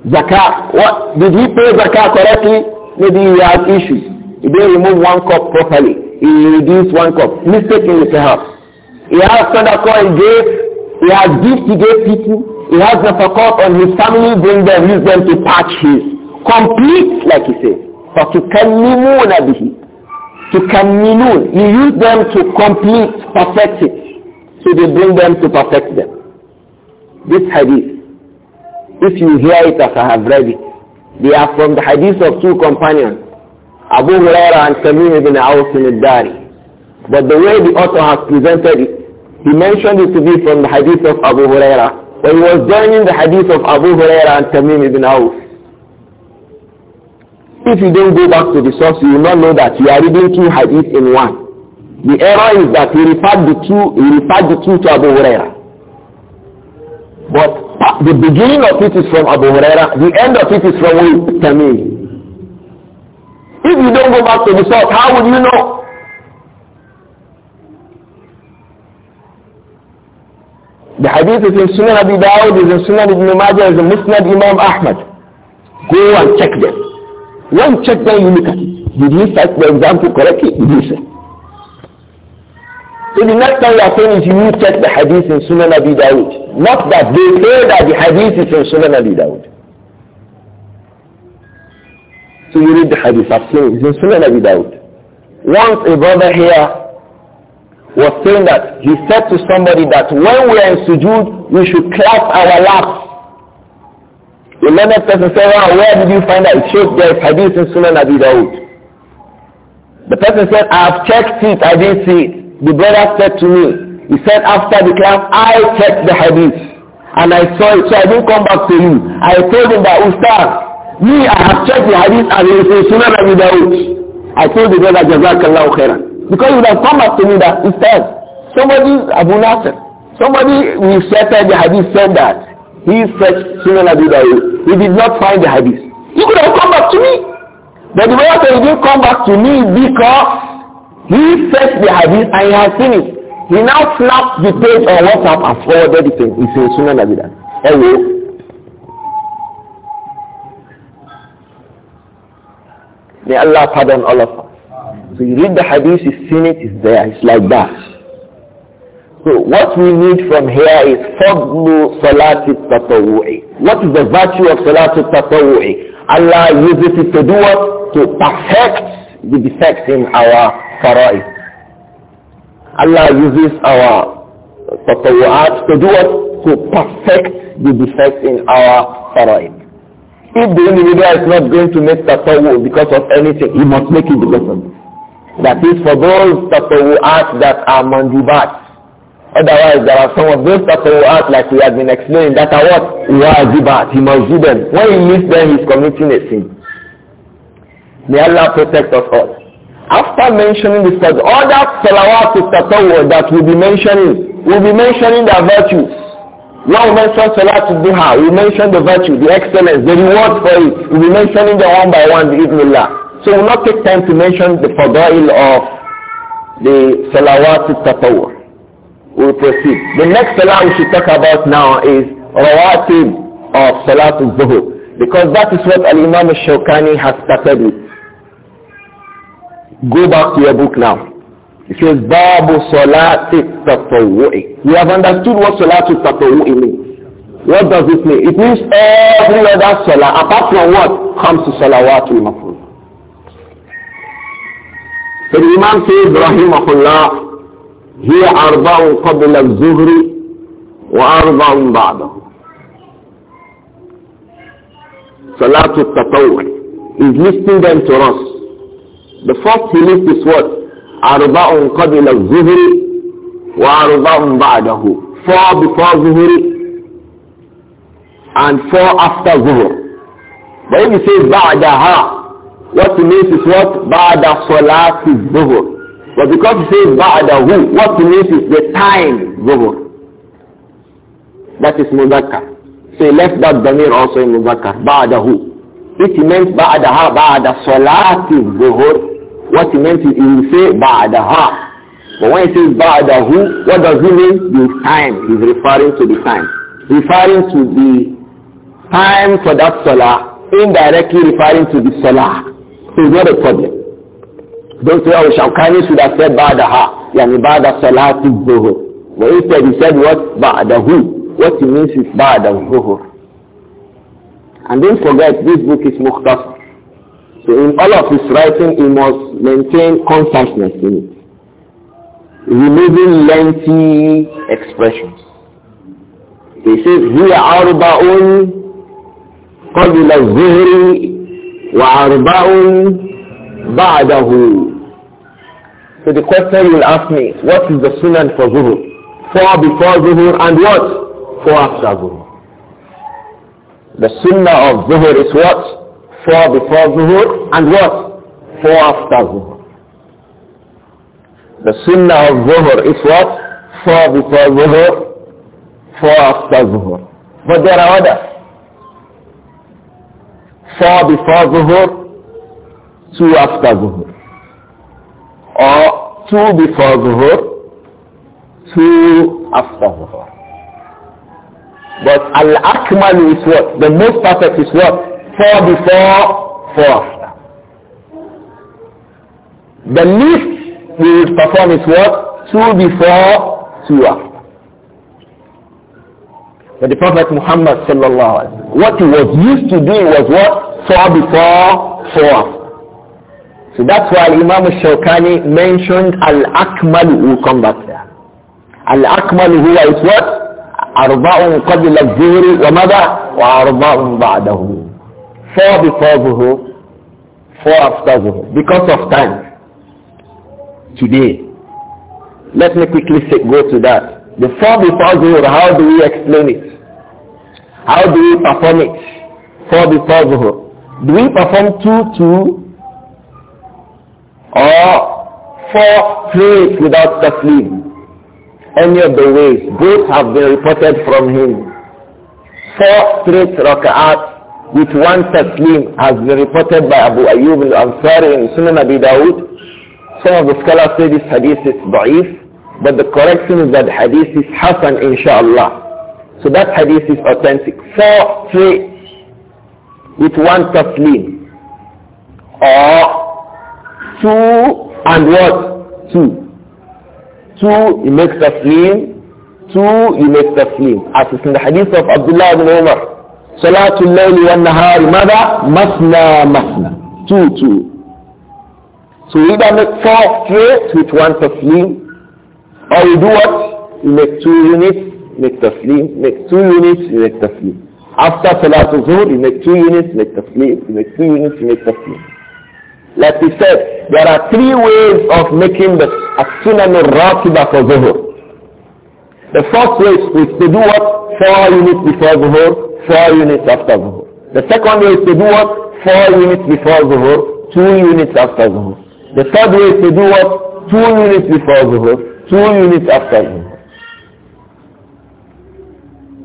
zakah what did he pay zakah correctly maybe he had issues he didn't remove one cup properly he reduced one cup mistakenly perhaps he has sadaqah he gave he has gifts to give people. He has the support on his family, bring them, use them to patch his. Complete, like he says. But فَتُكَمِّنُونَ بِهِ تُكَمِّنُونَ You use them to complete, perfect it. So they bring them to perfect them. This hadith, if you hear it as I have read it, they are from the hadith of two companions, Abu Huraira and Tamim ibn Awf al-Dari. But the way the author has presented it, he mentioned it to be from the hadith of Abu Huraira. When he was joining the hadith of Abu Huraira and Tamim ibn Auf. If you don't go back to the source, you will not know that you are reading two hadiths in one. The error is that he referred the two, he referred the two to Abu Huraira. But the beginning of it is from Abu Huraira, the end of it is from Tamim. If you don't go back to the source, how would you know? The hadith is in Sunan Abi Dawud, is in Sunan Ibn Majah, is in Musnad Imam Ahmad. Go and check them. When check them, you look at it. Did he cite the example correctly? Did he say? So the next time you are saying is you check the hadith in Sunan Abi Dawud. Not that they say that the hadith is in Sunan Abi Dawud. So you read the hadith, I've seen it. It's in Sunan Abi Dawud. Once a brother here was saying that he said to somebody that when we are in sujood, we should clap our laps. The learned person said, where did you find that? It shows there is hadith in Sunan Abi Dawud. The person said, I have checked it, I didn't see it. The brother said to me, he said after the class, I checked the hadith and I saw it, so I didn't come back to you. I told him that, Ustaz, me, I have checked the hadith and it is in Sunan Abi Dawud. I told the brother, Jazakallah khairan. Because you would have come back to me that instead, somebody, Abu Nasir, somebody who cited the hadith said that he searched Sunan Abu Dawud. He did not find the hadith. You could have come back to me. But the Prophet said he didn't come back to me because he searched the hadith and he has seen it. He now snapped the page on WhatsApp and forwarded it to him. It's Sunan Abu Dawud. Anyway, May Allah pardon all of us. So you read the hadith, you've seen it, it's there, it's like that. So what we need from here is fadlu salati tatawu'i. What is the virtue of salati tatawu'i? Allah uses it to do what? To perfect the defects in our fara'id. Allah uses our tatawu'at to do what? To perfect the defects in our fara'id. If the individual is not going to make tatawu because of anything, he must make it because of that is for those act that are mandibat. Otherwise, there are some of those act like we have been explaining that are what? Wajibat. He must do them. When he meets them, he's committing a sin. May Allah protect us all. After mentioning this, all that salawat tatawwu that we'll be mentioning, we'll be mentioning their virtues. When we mention Salat Duha, we mention the virtue, the excellence, the reward for it. We'll be mentioning them one by one, the Ibn Allah. So we will not take time to mention the fadail of the salawat al-tatawwur. We will proceed. The next salah we should talk about now is rawatib of salat al-zuhur. Because that is what al-imam al-shawkani has started with. Go back to your book now. It says Babu Salati Tatawu'i. We have understood what Salati Tatawu'i means. What does it mean? It means every other Salah apart from what comes to Salawatul فالإمام سيد رحمه الله هي أربع قبل الظهر وأربع بعده صلاة التطوع is listing them to us the first he lists is what أربع قبل الظهر وأربع بعده four before ظهر and four after ظهر but if he says بعدها What he means is what? Ba'da salati zuhur. But because he says Ba'da who, what he means is the time zuhur. That is mudakar. So he left that damir also in mudakar. Ba'da who. If he meant Ba'daha, Ba'da salati zuhur, what he meant is he will say Ha. But when he says Hu, what does he mean? The time. He's referring to the time. Referring to the time for that salah, indirectly referring to the salah. It's not a problem. Don't say, oh, Shawkani should have said Ba'daha, yani Ba'da Salati Zuhur. But instead he said what? Ba'dahu. What he means is Ba'da Zuhur. And don't forget, this book is Mukhtasar. So in all of his writing, he must maintain conciseness in it. Removing lengthy expressions. He says, here arba'un قبل الظهر وَأَرْبَعٌ بَعْدَهُ So the question you will ask me, what is the sunnah for zuhur? Four before zuhur and what? Four after zuhur. The sunnah of zuhur is what? Four before zuhur and what? Four after zuhur. The sunnah of zuhur is what? Four before zuhur, four after zuhur. But there are others four before Zuhur, two after Zuhur. Or two before Zuhur, two after Zuhur. But Al-Akmal is what? The most perfect is what? Four before, four after. The least we will perform is what? Two before, two after. But the Prophet Muhammad sallallahu what he was used to doing was what? Four before four. So that's why Imam Shawkani mentioned Al-Akmal, will come back there. Al-Akmal here is what? أربع wa الظهر wa arba'un بعده. Four before Zuhur, four after Zuhur, because of time. Today. Let me quickly go to that. The four before Zuhur, how do we explain it? How do we perform it? Four before Zuhur. Do we perform two, two, or four, three without taslim? Any of the ways, both have been reported from him. Four straight rak'at with one taslim has been reported by Abu Ayyub al-Ansari in Sunan Abi Dawud. Some of the scholars say this hadith is da'if, but the correction is that hadith is Hassan inshallah. So that hadith is authentic. Four three with one taslim. Or two and what? Two. Two, you make taslim. Two, you make taslim. As is in the hadith of Abdullah ibn Umar. Salatul layli wa nahari mada masna masna. Two, two. So either make four straight with one taslim or you do what? You make two units, make taslim, make two units, you make taslim. After Salatul Zuhr, you make two units, make taslim, you make two units, you make taslim. Like we said, there are three ways of making the as-sunan al-raqiba for Zuhr. The first way is to do what? Four units before Zuhr, four units after Zuhr. The second way is to do what? Four units before Zuhr, two units after Zuhr. The third way is to do what? Two units before Zuhr, two units after him.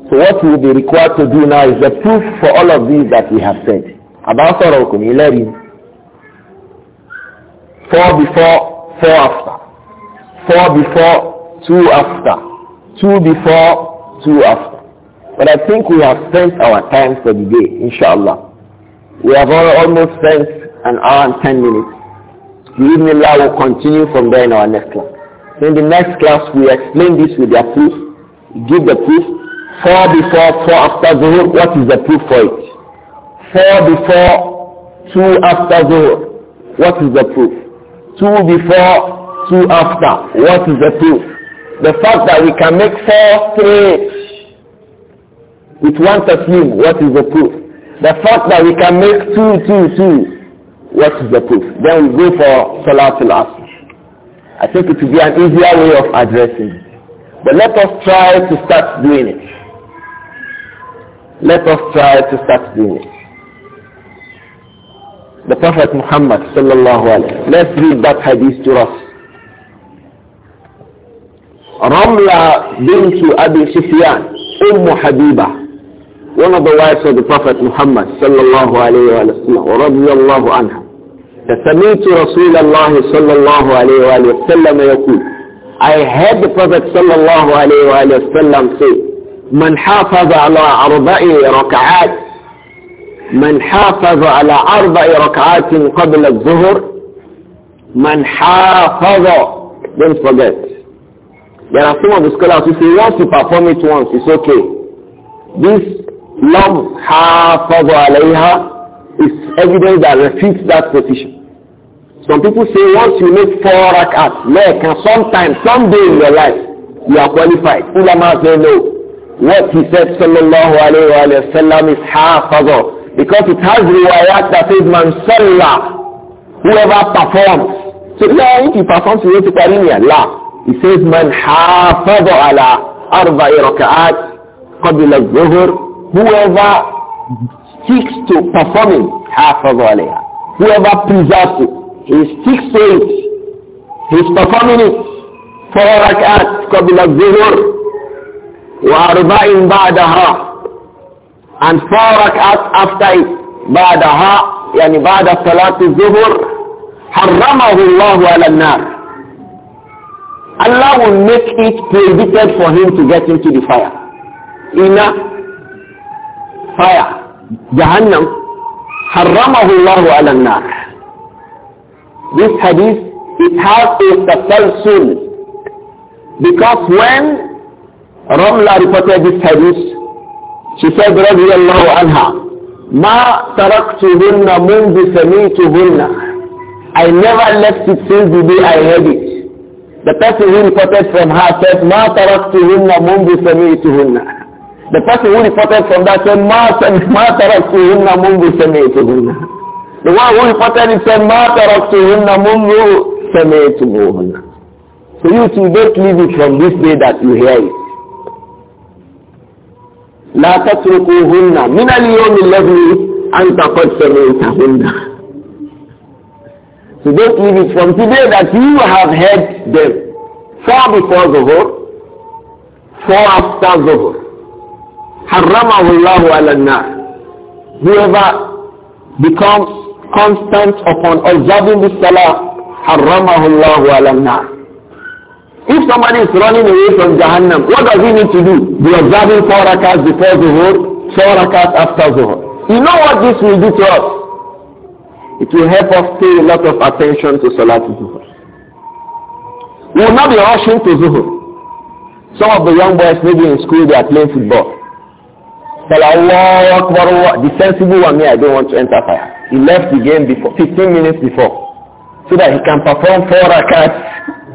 So what we will be required to do now is the proof for all of these that we have said. About Sorokun, 11. Four before, four after. Four before, two after. Two before, two after. But I think we have spent our time for the day, inshallah. We have almost spent an hour and ten minutes. The evening will continue from there in our next class. In the next class, we explain this with their proof, give the proof. Four before, four after rule. what is the proof for it? Four before, two after rule. what is the proof? Two before, two after, what is the proof? The fact that we can make four straight with one taslim, what is the proof? The fact that we can make two, two, two, what is the proof? Then we go for Salatul Asr. I think it will be an easier way of addressing it. But let us try to start doing it. Let us try to start doing it. The Prophet Muhammad sallallahu alayhi wa Let's read that hadith to us. Ramla bint Abi Sufyan, Umm Habiba, one of the wives of the Prophet Muhammad sallallahu alayhi wa sallam, radiyallahu anha. سمعت رسول الله صلى الله عليه وآله وسلم يقول I heard the Prophet صلى الله عليه وآله وسلم say من حافظ على أربع ركعات من حافظ على أربع ركعات قبل الظهر من حافظ don't forget there are some of the scholars who say once you perform it once it's okay this لم حافظ عليها is evidence that refutes that position Some people say once you make four rak'at, like sometimes, someday in your life, you are qualified. Ulama say no. What he said sallallahu alayhi wa, sallam is hafadha. Because it has riwayat that says man salla, whoever performs. So yeah, if he performs, he went to Karimiya. La. He says man hafadha ala arba'i rak'at قبل الظهر whoever sticks to performing half of alayha whoever preserves it He sticks to it. He's performing it. Four rak'at zuhur wa arba'in بعدها and four rak'at after it بعدها yani بعد صلاة zuhur حرمه الله على النار Allah will make it prohibited for him to get into the fire. Inna fire. Jahannam. حرمه الله على النار. this hadith, it has a tafsir Because when Ramla reported this hadith, she said, radiallahu anha, ma taraktuhunna mundi samituhunna. I never left it since the day I heard it. The person who reported from her said, ma taraktuhunna mundi samituhunna. The person who reported from that said, ma taraktuhunna mundi samituhunna. The one who reported it said, مَا تَرَكْتُهُنَّ So you don't leave it from this day that you hear it. لا تتركوهن من اليوم الذي أنت قد سمعتهن So don't leave it from today that you have heard them. Four before the Zuhur, four after the حرمه الله على النار. Whoever becomes constant upon observing this salah, haramahullahu alamna. If somebody is running away from Jahannam, what does he need to do? Be observing four rakats before Zuhur, four rakats after Zuhur. You know what this will do to us? It will help us pay a lot of attention to Salat Zuhur. We will not be rushing to Zuhur. Some of the young boys maybe in school they are playing football. Tell Allah Akbar, the sensible one here, I don't want to enter fire. He left the game before, 15 minutes before, so that he can perform four rakats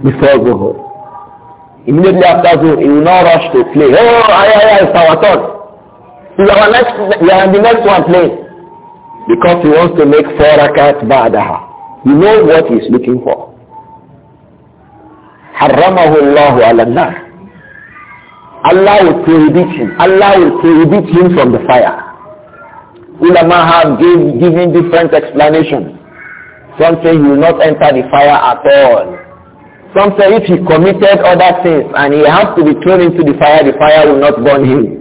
before Zuhur. Immediately after Zuhur, he will not rush to play. Oh, ay, ay, ay, it's our turn. He's our next, we are the next one playing. Because he wants to make four rakats ba'daha. He knows what he's looking for. حرمه الله على النار Allah will prohibit him. Allah will prohibit him from the fire. Ulama have given different explanations. Some say he will not enter the fire at all. Some say if he committed other sins and he has to be thrown into the fire, the fire will not burn him.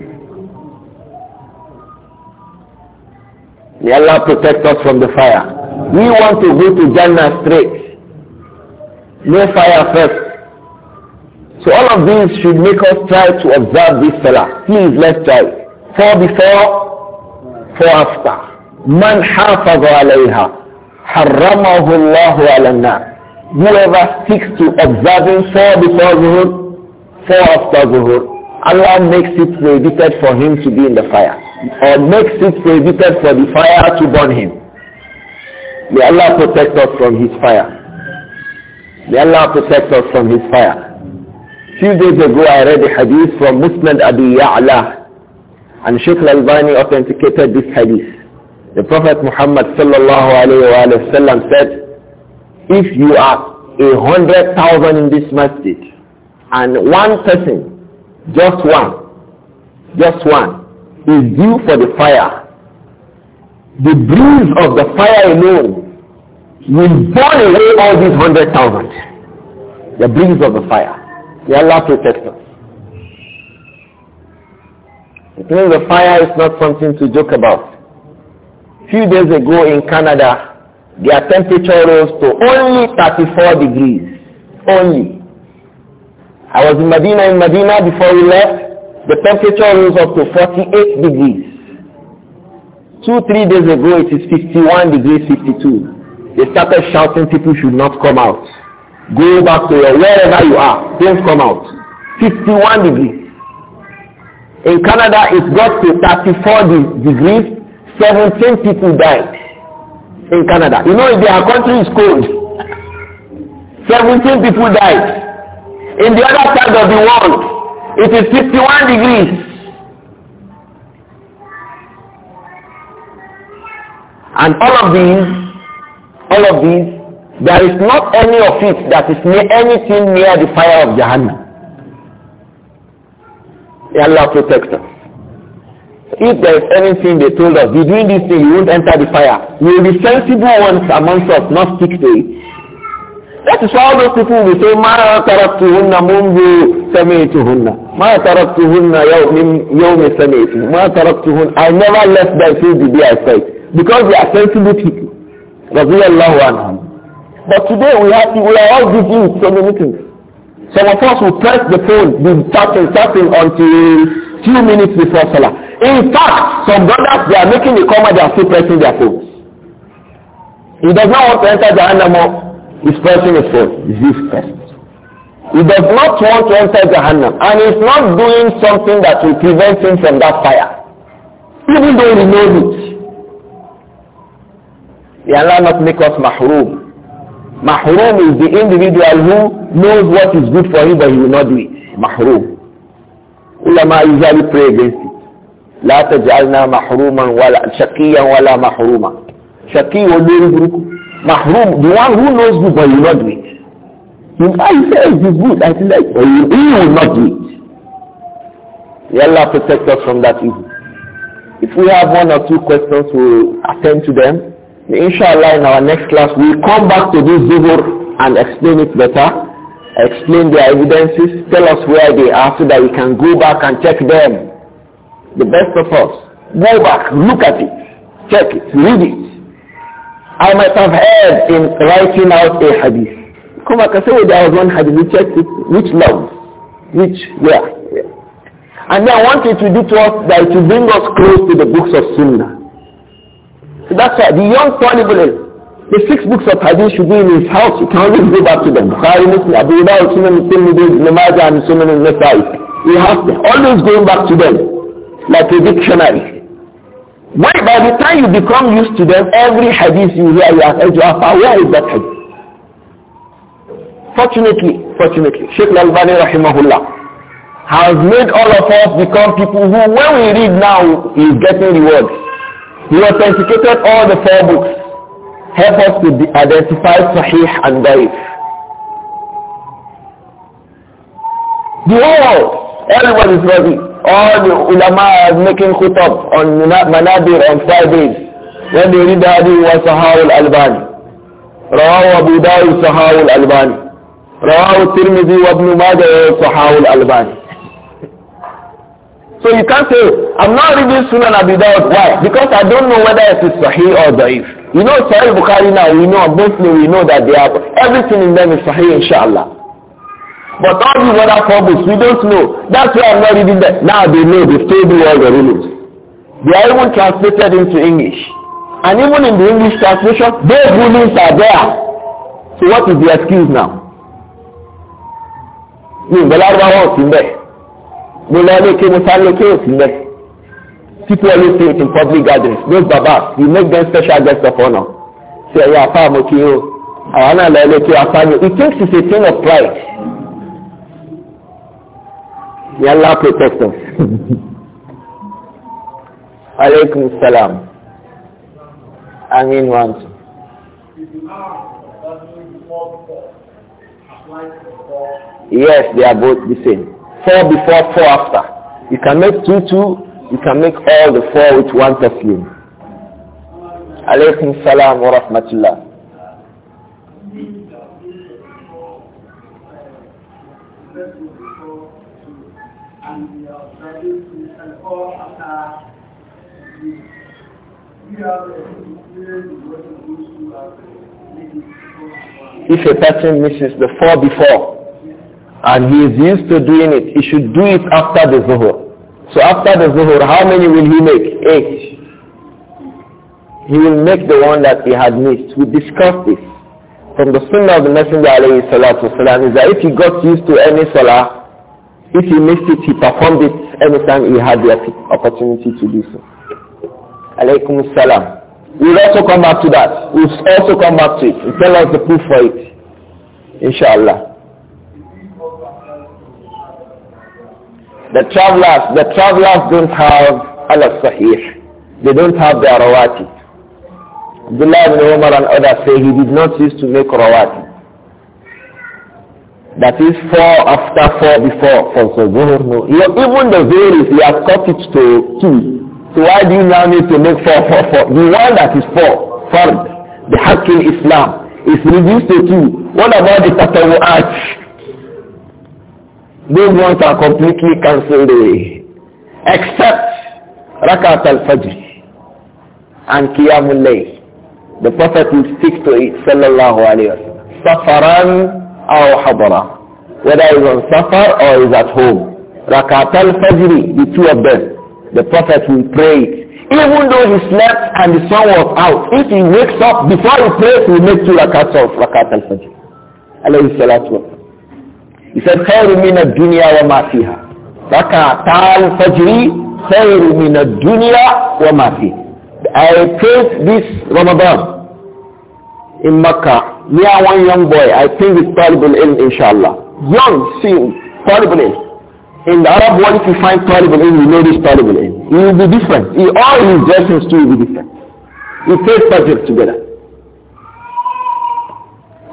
May Allah protect us from the fire. We want to go to Jannah straight. No fire first. So all of these should make us try to observe this salah. Please let's try. Four before, four after. Man hafaza alayha. حرمه الله alanna. Whoever sticks to observing four before zuhur, four after zuhur, Allah makes it prohibited for him to be in the fire. Or makes it prohibited for the fire to burn him. May Allah protect us from his fire. May Allah protect us from his fire. Few days ago I read a hadith from Muslim Abi Ya'la and Sheikh Al-Albani authenticated this hadith. The Prophet Muhammad sallallahu alayhi wa sallam said, if you are a hundred thousand in this masjid and one person, just one, just one, is due for the fire, the breeze of the fire alone will burn away all these hundred thousand. The breeze of the fire. May Allah protect us. It means the fire is not something to joke about. A few days ago in Canada, their temperature rose to only 34 degrees. Only. I was in Medina. In Medina, before we left, the temperature rose up to 48 degrees. Two, three days ago, it is 51 degrees 52. They started shouting people should not come out. Go back to your wherever you are. Things come out. Fifty-one degrees. In Canada, it got to thirty 34 degrees. Seventeen people died in Canada. You know, their country is cold. seventeen people died. In the other side of the world, it is fifty-one degrees. And all of these, all of these There is not any of it that is near anything near the fire of Jahannam. Allah protect us. If there is anything they told us, be doing this thing, you won't enter the fire. We will be sensible ones amongst us, not stick to it. That is why all those people will say, مَا تَرَكْتُهُنَّ مُنْذُ سَمِعْتُهُنَّ مَا تَرَكْتُهُنَّ يَوْمِ سَمِعْتُهُنَّ مَا تَرَكْتُهُنَّ I never left them till the day I saw it. Because they are sensible people. رضي الله عنهم But today we, have, we are all busy with so many things. Some of us will press the phone, be tapping, tapping until few minutes before Salah. In fact, some brothers, they are making the comma, they are still pressing their phones. He does not want to enter the Jahannam, he's pressing his phone. This first. He does not want to enter the Jahannam, and he's not doing something that will prevent him from that fire. Even though he knows it. May Allah not make us mahroom. Mahrum is the individual who knows what is good for him but he will not do it. Mahrum. Ulama usually pray against it. لا تجعلنا محروما ولا شقيا ولا محروما. Shaqi olórí burúkú. Mahrum, the one who knows good but he will not do it. He says it is good, I think that he will not do it. May Allah protect us from that evil. If we have one or two questions, we will attend to them. Inshallah, in our next class, we'll come back to this zuhur and explain it better, explain their evidences, tell us where they are so that we can go back and check them. The best of us. Go back, look at it, check it, read it. I might have heard in writing out a hadith. Come back and say, oh, there was one hadith, we checked it, which love, which, year? Yeah. And then I want it to do to us that it will bring us close to the books of Sunnah. That's why the young Talibul the six books of hadith should be in his house. He can always go back to them. Bukhari, Muslim, Abu Dawud, Sunan, and Sunan nasai He has Always going back to them. Like a dictionary. by the time you become used to them, every hadith you hear, you ask, where is that hadith? Fortunately, fortunately, Sheikh Al-Albani rahimahullah has made all of us become people who, when we read now, is getting rewards. He authenticated all the four books. Help us to identify Sahih and Daif. The whole world, is ready. All the ulama are making khutab on Manadir on Fridays. When they read the hadith was Sahar al-Albani. رواه أبو داود صحاو الألباني رواه الترمذي وابن ماجه صحاو الألباني So you can't say, I'm not reading Sunan Abi Dawud. Why? Because I don't know whether it is Sahih or Da'if. You know Sahih Bukhari now, we know, mostly we know that they are, everything in them is Sahih, inshallah. But all these other problems, we don't know. That's why I'm not reading that. Now they know, they've told you all the rulings. They are even translated into English. And even in the English translation, those rulings are there. So what is the excuse now? You, the Lord, what's in there? mo lọ ilé ké mo sáré ké ò sí lẹ people always say it in public gatherings those baba we make them special guests of honor. ṣe ẹ̀yà apá mo kí o àwọn náà lọ ilé ké apá mi it takes is a thing of pride ni Allah protect us <laughs> aleykum salam amin wa Yes, they are both the same. four before, four after. You can make two, two. You can make all the four with one perfume. Alaykum salam wa rahmatullah. If a person misses the four before, and he is used to doing it, he should do it after the zuhur. So after the zuhur, how many will he make? Eight. He will make the one that he had missed. We discussed this. From the sunnah of the Messenger alayhi salatu wasalam is that if he got used to any salah, if he missed it, he performed it anytime he had the opportunity to do so. Alaykum salam. We'll also come back to that. We'll also come back to it. We'll tell us the proof for it. Inshallah. The travelers, the travelers don't have al-sahih. They don't have their rawati. Abdullah ibn Umar and others say he did not use to make rawati. That is four after four before for Zuhur. No. Even the varies, he has cut it to two. So why do you now need to make four, four, four? The one that is four, fard, the Hakim Islam, is reduced to two. What about the Tatawu'at? Those ones are completely cancelled away. Except Rakat al-Fajr and Qiyamul Layl. The Prophet will stick to it, sallallahu alayhi wa sallam. Safaran aw hadara. Whether he's on safar or he's at home. Rakat al-Fajr, the two of them. The Prophet will pray it. Even though he slept and the sun was out, if he wakes up before he prays, he will make two rakats of Rakat al-Fajr. Alayhi salatu wa he said, خَيْرُ مِنَ الدُّنْيَا وَمَا فِيهَا رَكَعْتَا الْفَجْرِ خَيْرُ dunya wa وَمَا فِيهَا I prayed this Ramadan in Makkah near yeah, one young boy. I think it's Talibul in inshallah. Young, see, Talibul In the Arab world, if you find Talibul We you know this Talibul It He will be different. He, all his lessons too will be different. We prayed Fajr together.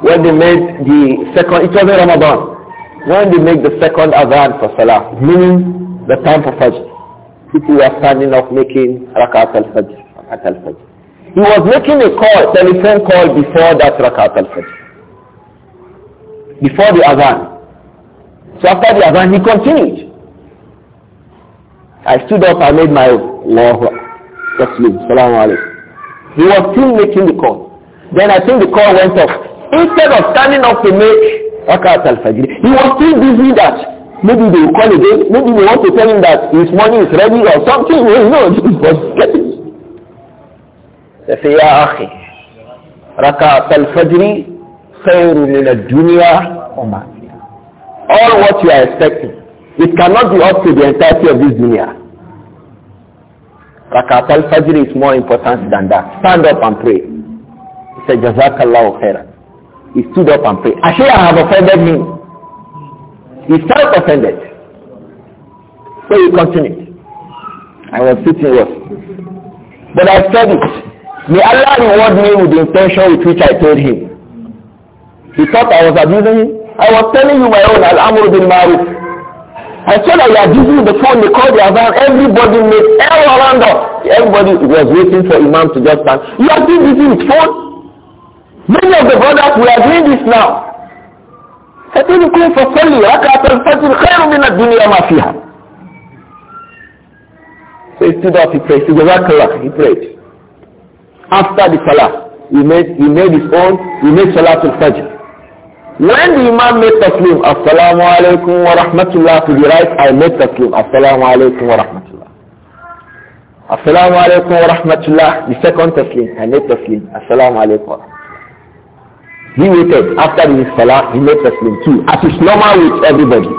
When they made the second, it was Ramadan when they make the second adhan for salah, meaning the time for fajr, people were standing up making rakat al-fajr, rakat al-fajr. He was making a call, telephone call before that rakat al-fajr, before the adhan. So after the adhan, he continued. I stood up, I made my Allahu Taslim, Salaam Alaikum. He was still making the call. Then I think the call went off. Instead of standing up to make Rakat al-Fajr. He was still busy that maybe they will call again, maybe they want to tell him that his money is ready or something. <laughs> No, no, he was getting. say, Ya Akhi, Rakat al-Fajr خير من الدنيا وما All what you are expecting, it cannot be up to the entirety of this dunya. Rakat al-Fajr is more important than that. Stand up and pray. He said, Jazakallahu khairan. He stood up and prayed. Ashe, I have offended me. He felt offended. So he continued. I was sitting what? But I said it. May Allah reward me with the intention with which I told him. He thought I was abusing him. I was telling you my own Al-Amr bin Maruf. I saw that you are using the phone, they called the Azan, everybody made all around us. Everybody was waiting for Imam to just stand. You are still using his phone? Many of the brothers, we are doing this now. ستذكر فصلي ركعة الفجر خير من الدنيا dunya فيها. So he stood up, he prayed. He he prayed. After the salah, he made, he made his own, he made salah to fajr. When the imam made taslim, assalamu alaikum wa rahmatullah to the right, I made taslim, assalamu alaikum wa rahmatullah. Assalamu alaikum wa rahmatullah, the second taslim, I made taslim, assalamu alaikum wa rahmatullah. He waited after the salah, he made Taslim too, as is normal with everybody.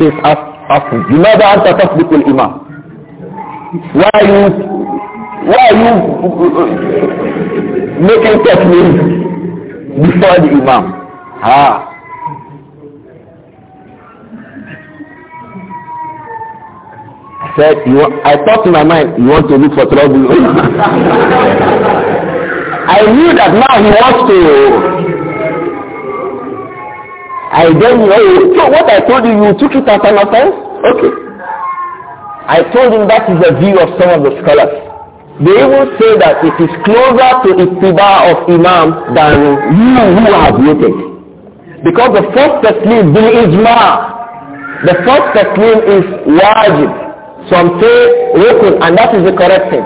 Says, ask, ask him, you know that answer Tasbikul Imam. Why are you, why are you uh, making Taslim before the Imam? Ah. I said, you, I thought in my mind, you want to look for trouble. <laughs> I knew that now he wants to. I then know. So what I told you, you took it as an offense? Okay. I told him that is the view of some of the scholars. They will say that it is closer to ittiba of Imam than you who have waited. Because the first taslim is ijma, the first taslim is wajib. Some say rukun and that is the correct thing.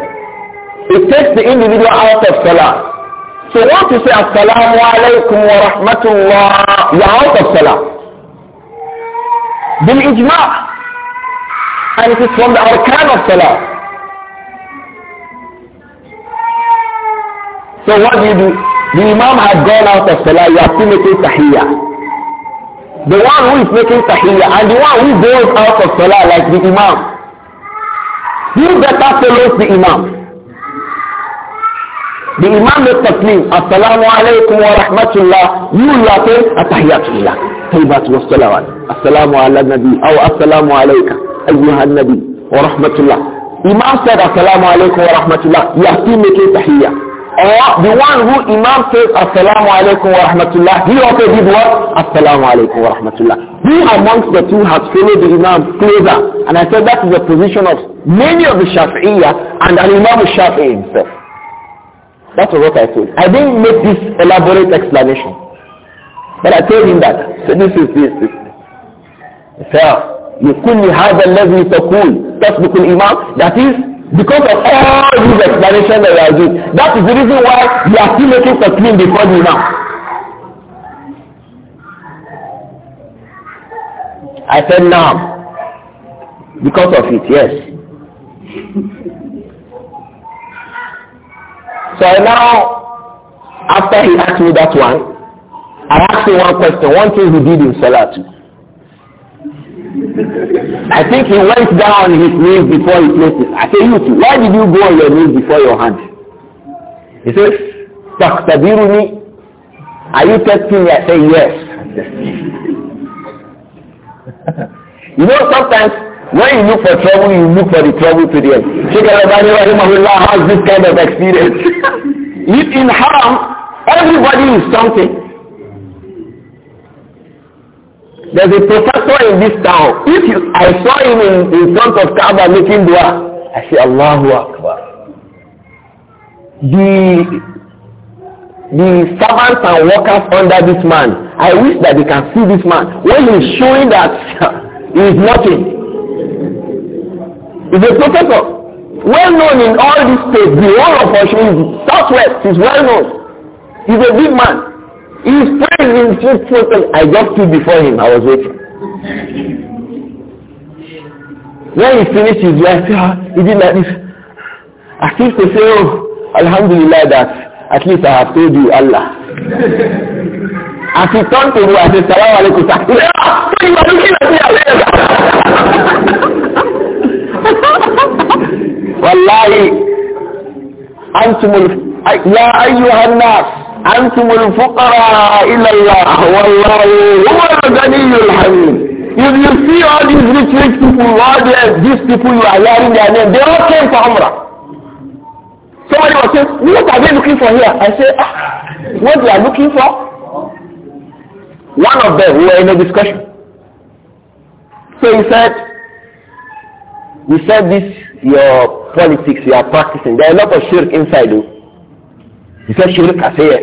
It takes the individual out of salah. So once you say Assalamu alaykum wa rahmatullah, you are out of salah. Bil ijma' and it is from the arkan of salah. So what do you do? The Imam had gone out of salah, you are still making tahiyyah. The one who is making tahiyyah and the one who goes out of salah like the Imam, he better follows the Imam. The Imam made Taslim, Assalamu alaikum wa rahmatullah, you will say, Atahiyatullah. Tayyibatu wa salawat. Assalamu ala nabi, aw assalamu alayka, ayyuha nabi, wa rahmatullah. Imam said, Assalamu alaikum wa rahmatullah, you are still making tahiyya. Or the one who Imam says, Assalamu alaikum wa rahmatullah, he also did what? Assalamu alaikum wa rahmatullah. Who amongst the two has followed the Imam closer? And I said that is the position of many of the Shafi'iyah and an Imam Shafi'i himself. That was what I told. I didn't make this elaborate explanation. But I told him that. So this is this. this. couldn't have الذي تقول تسبق الإمام that is because of all these explanations that I give that is the reason why you are still making a claim before the Imam I said now because of it yes So now, after he asked me that one, I asked him one question, one thing he did in Salat, I think he went down on his knees before he placed it. I said, you too, why did you go on your knees before your hand? He said, Taktabiruni, are you testing me? I say yes. <laughs> you know, sometimes When you look for trouble, you look for the trouble to the end. Sheikh al Rahimahullah has this kind of experience. <laughs> if in harm, everybody is something. There's a professor in this town. If you, I saw him in, in front of Kaaba making dua, I say Allahu Akbar. The the servants and workers under this man, I wish that they can see this man. When he's showing that <laughs> he is nothing, is a protector. Well known in all these states, the whole of Oshun, Southwest is well known. He's a big man. He is praised in chief protest. I just stood before him. I was waiting. When he finished his lecture, ah, he did like this. I seem to say, oh, Alhamdulillah that at least I have told you Allah. As he turned to me, I said, Salaam alaikum. He said, ah, you are looking at me, wallahi antumul ya ayyuhan nas antumul fuqara ila Allah ah, wallahi huwa al-ghaniyyul hamid If you see all these rich, rich people, all these people you are hearing their name, they all came for Umrah. Somebody was saying, what are they looking for here? I say, ah, what they are looking for? One of them, we were in a discussion. So he said, We said this, your politics you are practicing, there are a lot of shirk inside you. He said shirk, I say yes.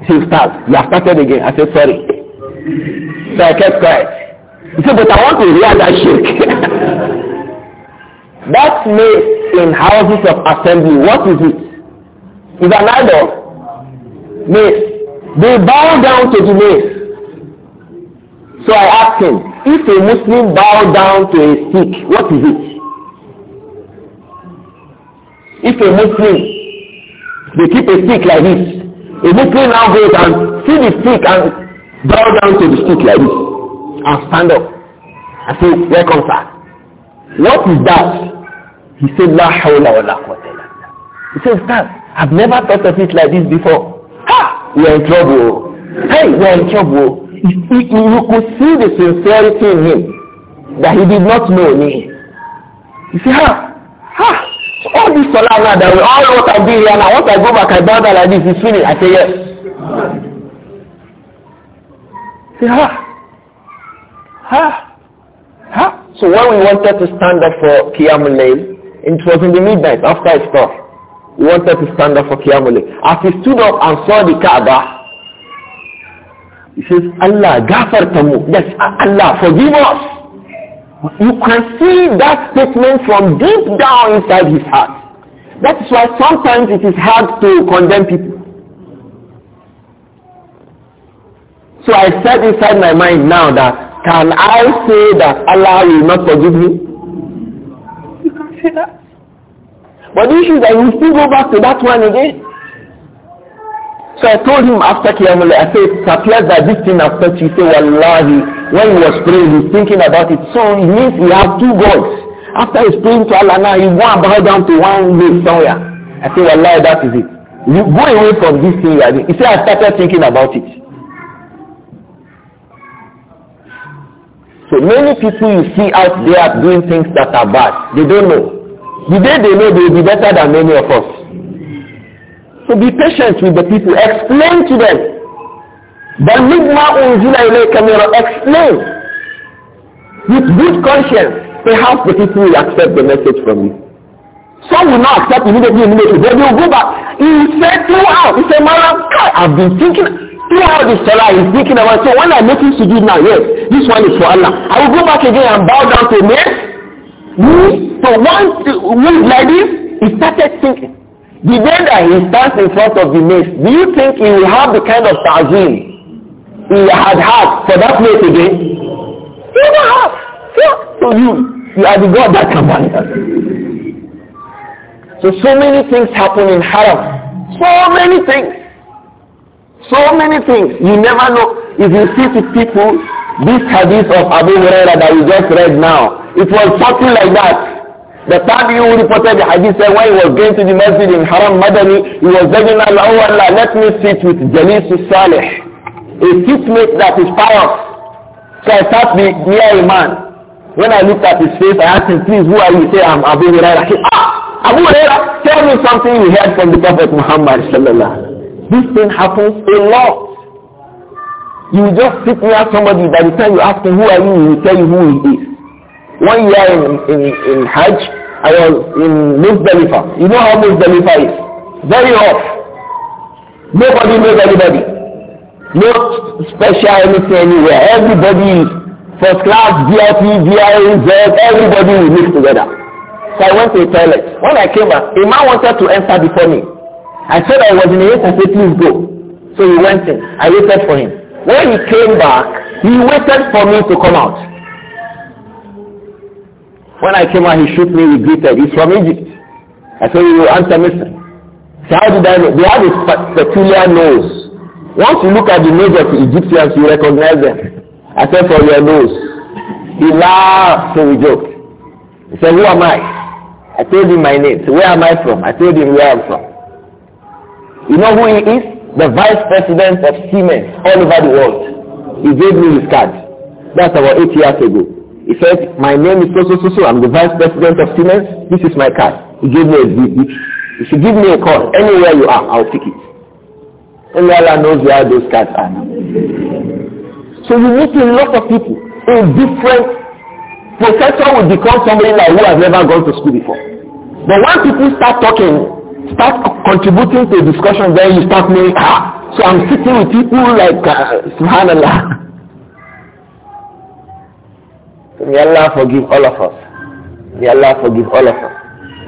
He said start, you have started again. I said sorry. So I kept quiet. He said, but I want to hear that shirk. <laughs> that place in houses of assembly, what is it? Is an idol. Mace. They bow down to the mace. So I asked him, if a Muslim bow down to a stick, what is it? If a Muslim, they keep a stick like this, a Muslim now goes and see the stick and bow down to the stick like this and stand up and say, welcome sir. What is that? He said, la hawla wa la quwwata He said, sir, I've never thought of it like this before. Ha! We are in trouble. Hey, we are in trouble you could see the sincerity in him that he did not know me. You see, ha, ha, all this solar now that we all what I do here now, once I go back, I bow down like this, it's finished. I say yes. See, ha, ha, ha. So when we wanted to stand up for Qiyamul it was in the midnight after it's off. We wanted to stand up for Qiyamul As he stood up and saw the Kaaba, He says, Allah, gafarta mu. Yes, Allah, forgive us. You can see that statement from deep down inside his heart. That is why sometimes it is hard to condemn people. So I said inside my mind now that, can I say that Allah will not forgive me? You can't say that. But the issue is that you still go back to that one again. So I told him after Qiyamul, I said, it appears that this thing affects you. He said, Wallahi, when he was praying, he's thinking about it. So it means he has two gods. After he's praying to Allah now, he go and bow down to one way somewhere. I said, Wallahi, that is it. You go away from this thing you are doing. He said, I started thinking about it. So many people you see out there doing things that are bad. They don't know. The day they know, they will be better than many of us. So be patient with the people. Explain to them. بَلِّغْ مَا أُنْزِلَ إِلَيْكَ مِنْ Explain. With good conscience, perhaps the people will accept the message from you. Some will not accept immediately, immediately, but they will go back. He said throughout, he said, Mara, I've been thinking throughout this Salah, he's thinking about, so when I make this to do now, yes, this one is for Allah. I will go back again and bow down to me. Me? So once, like this, he started thinking. The day that he stands in front of the mace, do you think he will have the kind of ta'zim he had had for that mace again? He will have. So you, you are the God that can manifest. So, so many things happen in Haram. So many things. So many things. You never know. If you see to people, this hadith of Abu Huraira that we just read now, it was something like that. The you reported the hadith said when he was going to the masjid in Haram Madani, he was begging Allah, oh Allah, let me sit with Jalis Salih, a seatmate that is pious. So I sat near a man. When I looked at his face, I asked him, please, who are you? He said, I'm Abu Hurairah. He said, ah, Abu Hurairah, tell me something you heard from the Prophet Muhammad sallallahu This thing happens a lot. You just sit near somebody, by the time you ask him, who are you, he will tell you who he is. One year in, in, in Hajj, I was in Muzdalifah. You know how Muzdalifah is? Very hot. Nobody knows anybody. No special anything anywhere. Everybody is first class, VIP, VIZ, everybody will mix together. So I went to the toilet. When I came back, a man wanted to enter before me. I said I was in a race. I said, please go. So he went in. I waited for him. When he came back, he waited for me to come out. When I came out, he shook me, he greeted. He's from Egypt. I said, you answer Mr. So how did I know? They have a peculiar nose. Once you look at the nose of the Egyptians, you recognize them. I said, for your nose. He laughed, so we joked. He said, who am I? I told him my name. So where am I from? I told him where I'm from. You know who he is? The vice president of Siemens all over the world. He gave me his card. That's about eight years ago. He said, my name is so, so, so, so. I'm the vice president of Siemens. This is my card. He gave me a If you give me a call, anywhere you are, I'll pick it. Only Allah knows where those cards are So you meet a lot of people in different professor will become somebody like who has never gone to school before. But once people start talking, start contributing to the discussion, then you start knowing, ah, so I'm sitting with people like, uh, subhanallah. <laughs> So may Allah forgive all of us. May Allah forgive all of us.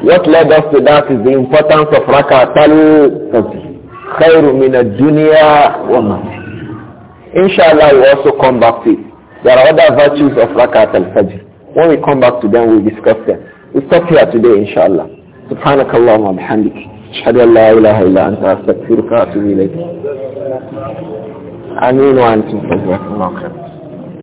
What led us to that is the importance of rakatul fajr. Khairu min ad-dunya wa ma. Inshallah we also come back to it. There are other virtues of rakat al-fajr. When we come back to them, we discuss them. We stop here today, inshallah. سبحانك اللهم وبحمدك أشهد أن لا إله إلا أنت أستغفرك وأتوب إليك آمين وأنتم فجركم الله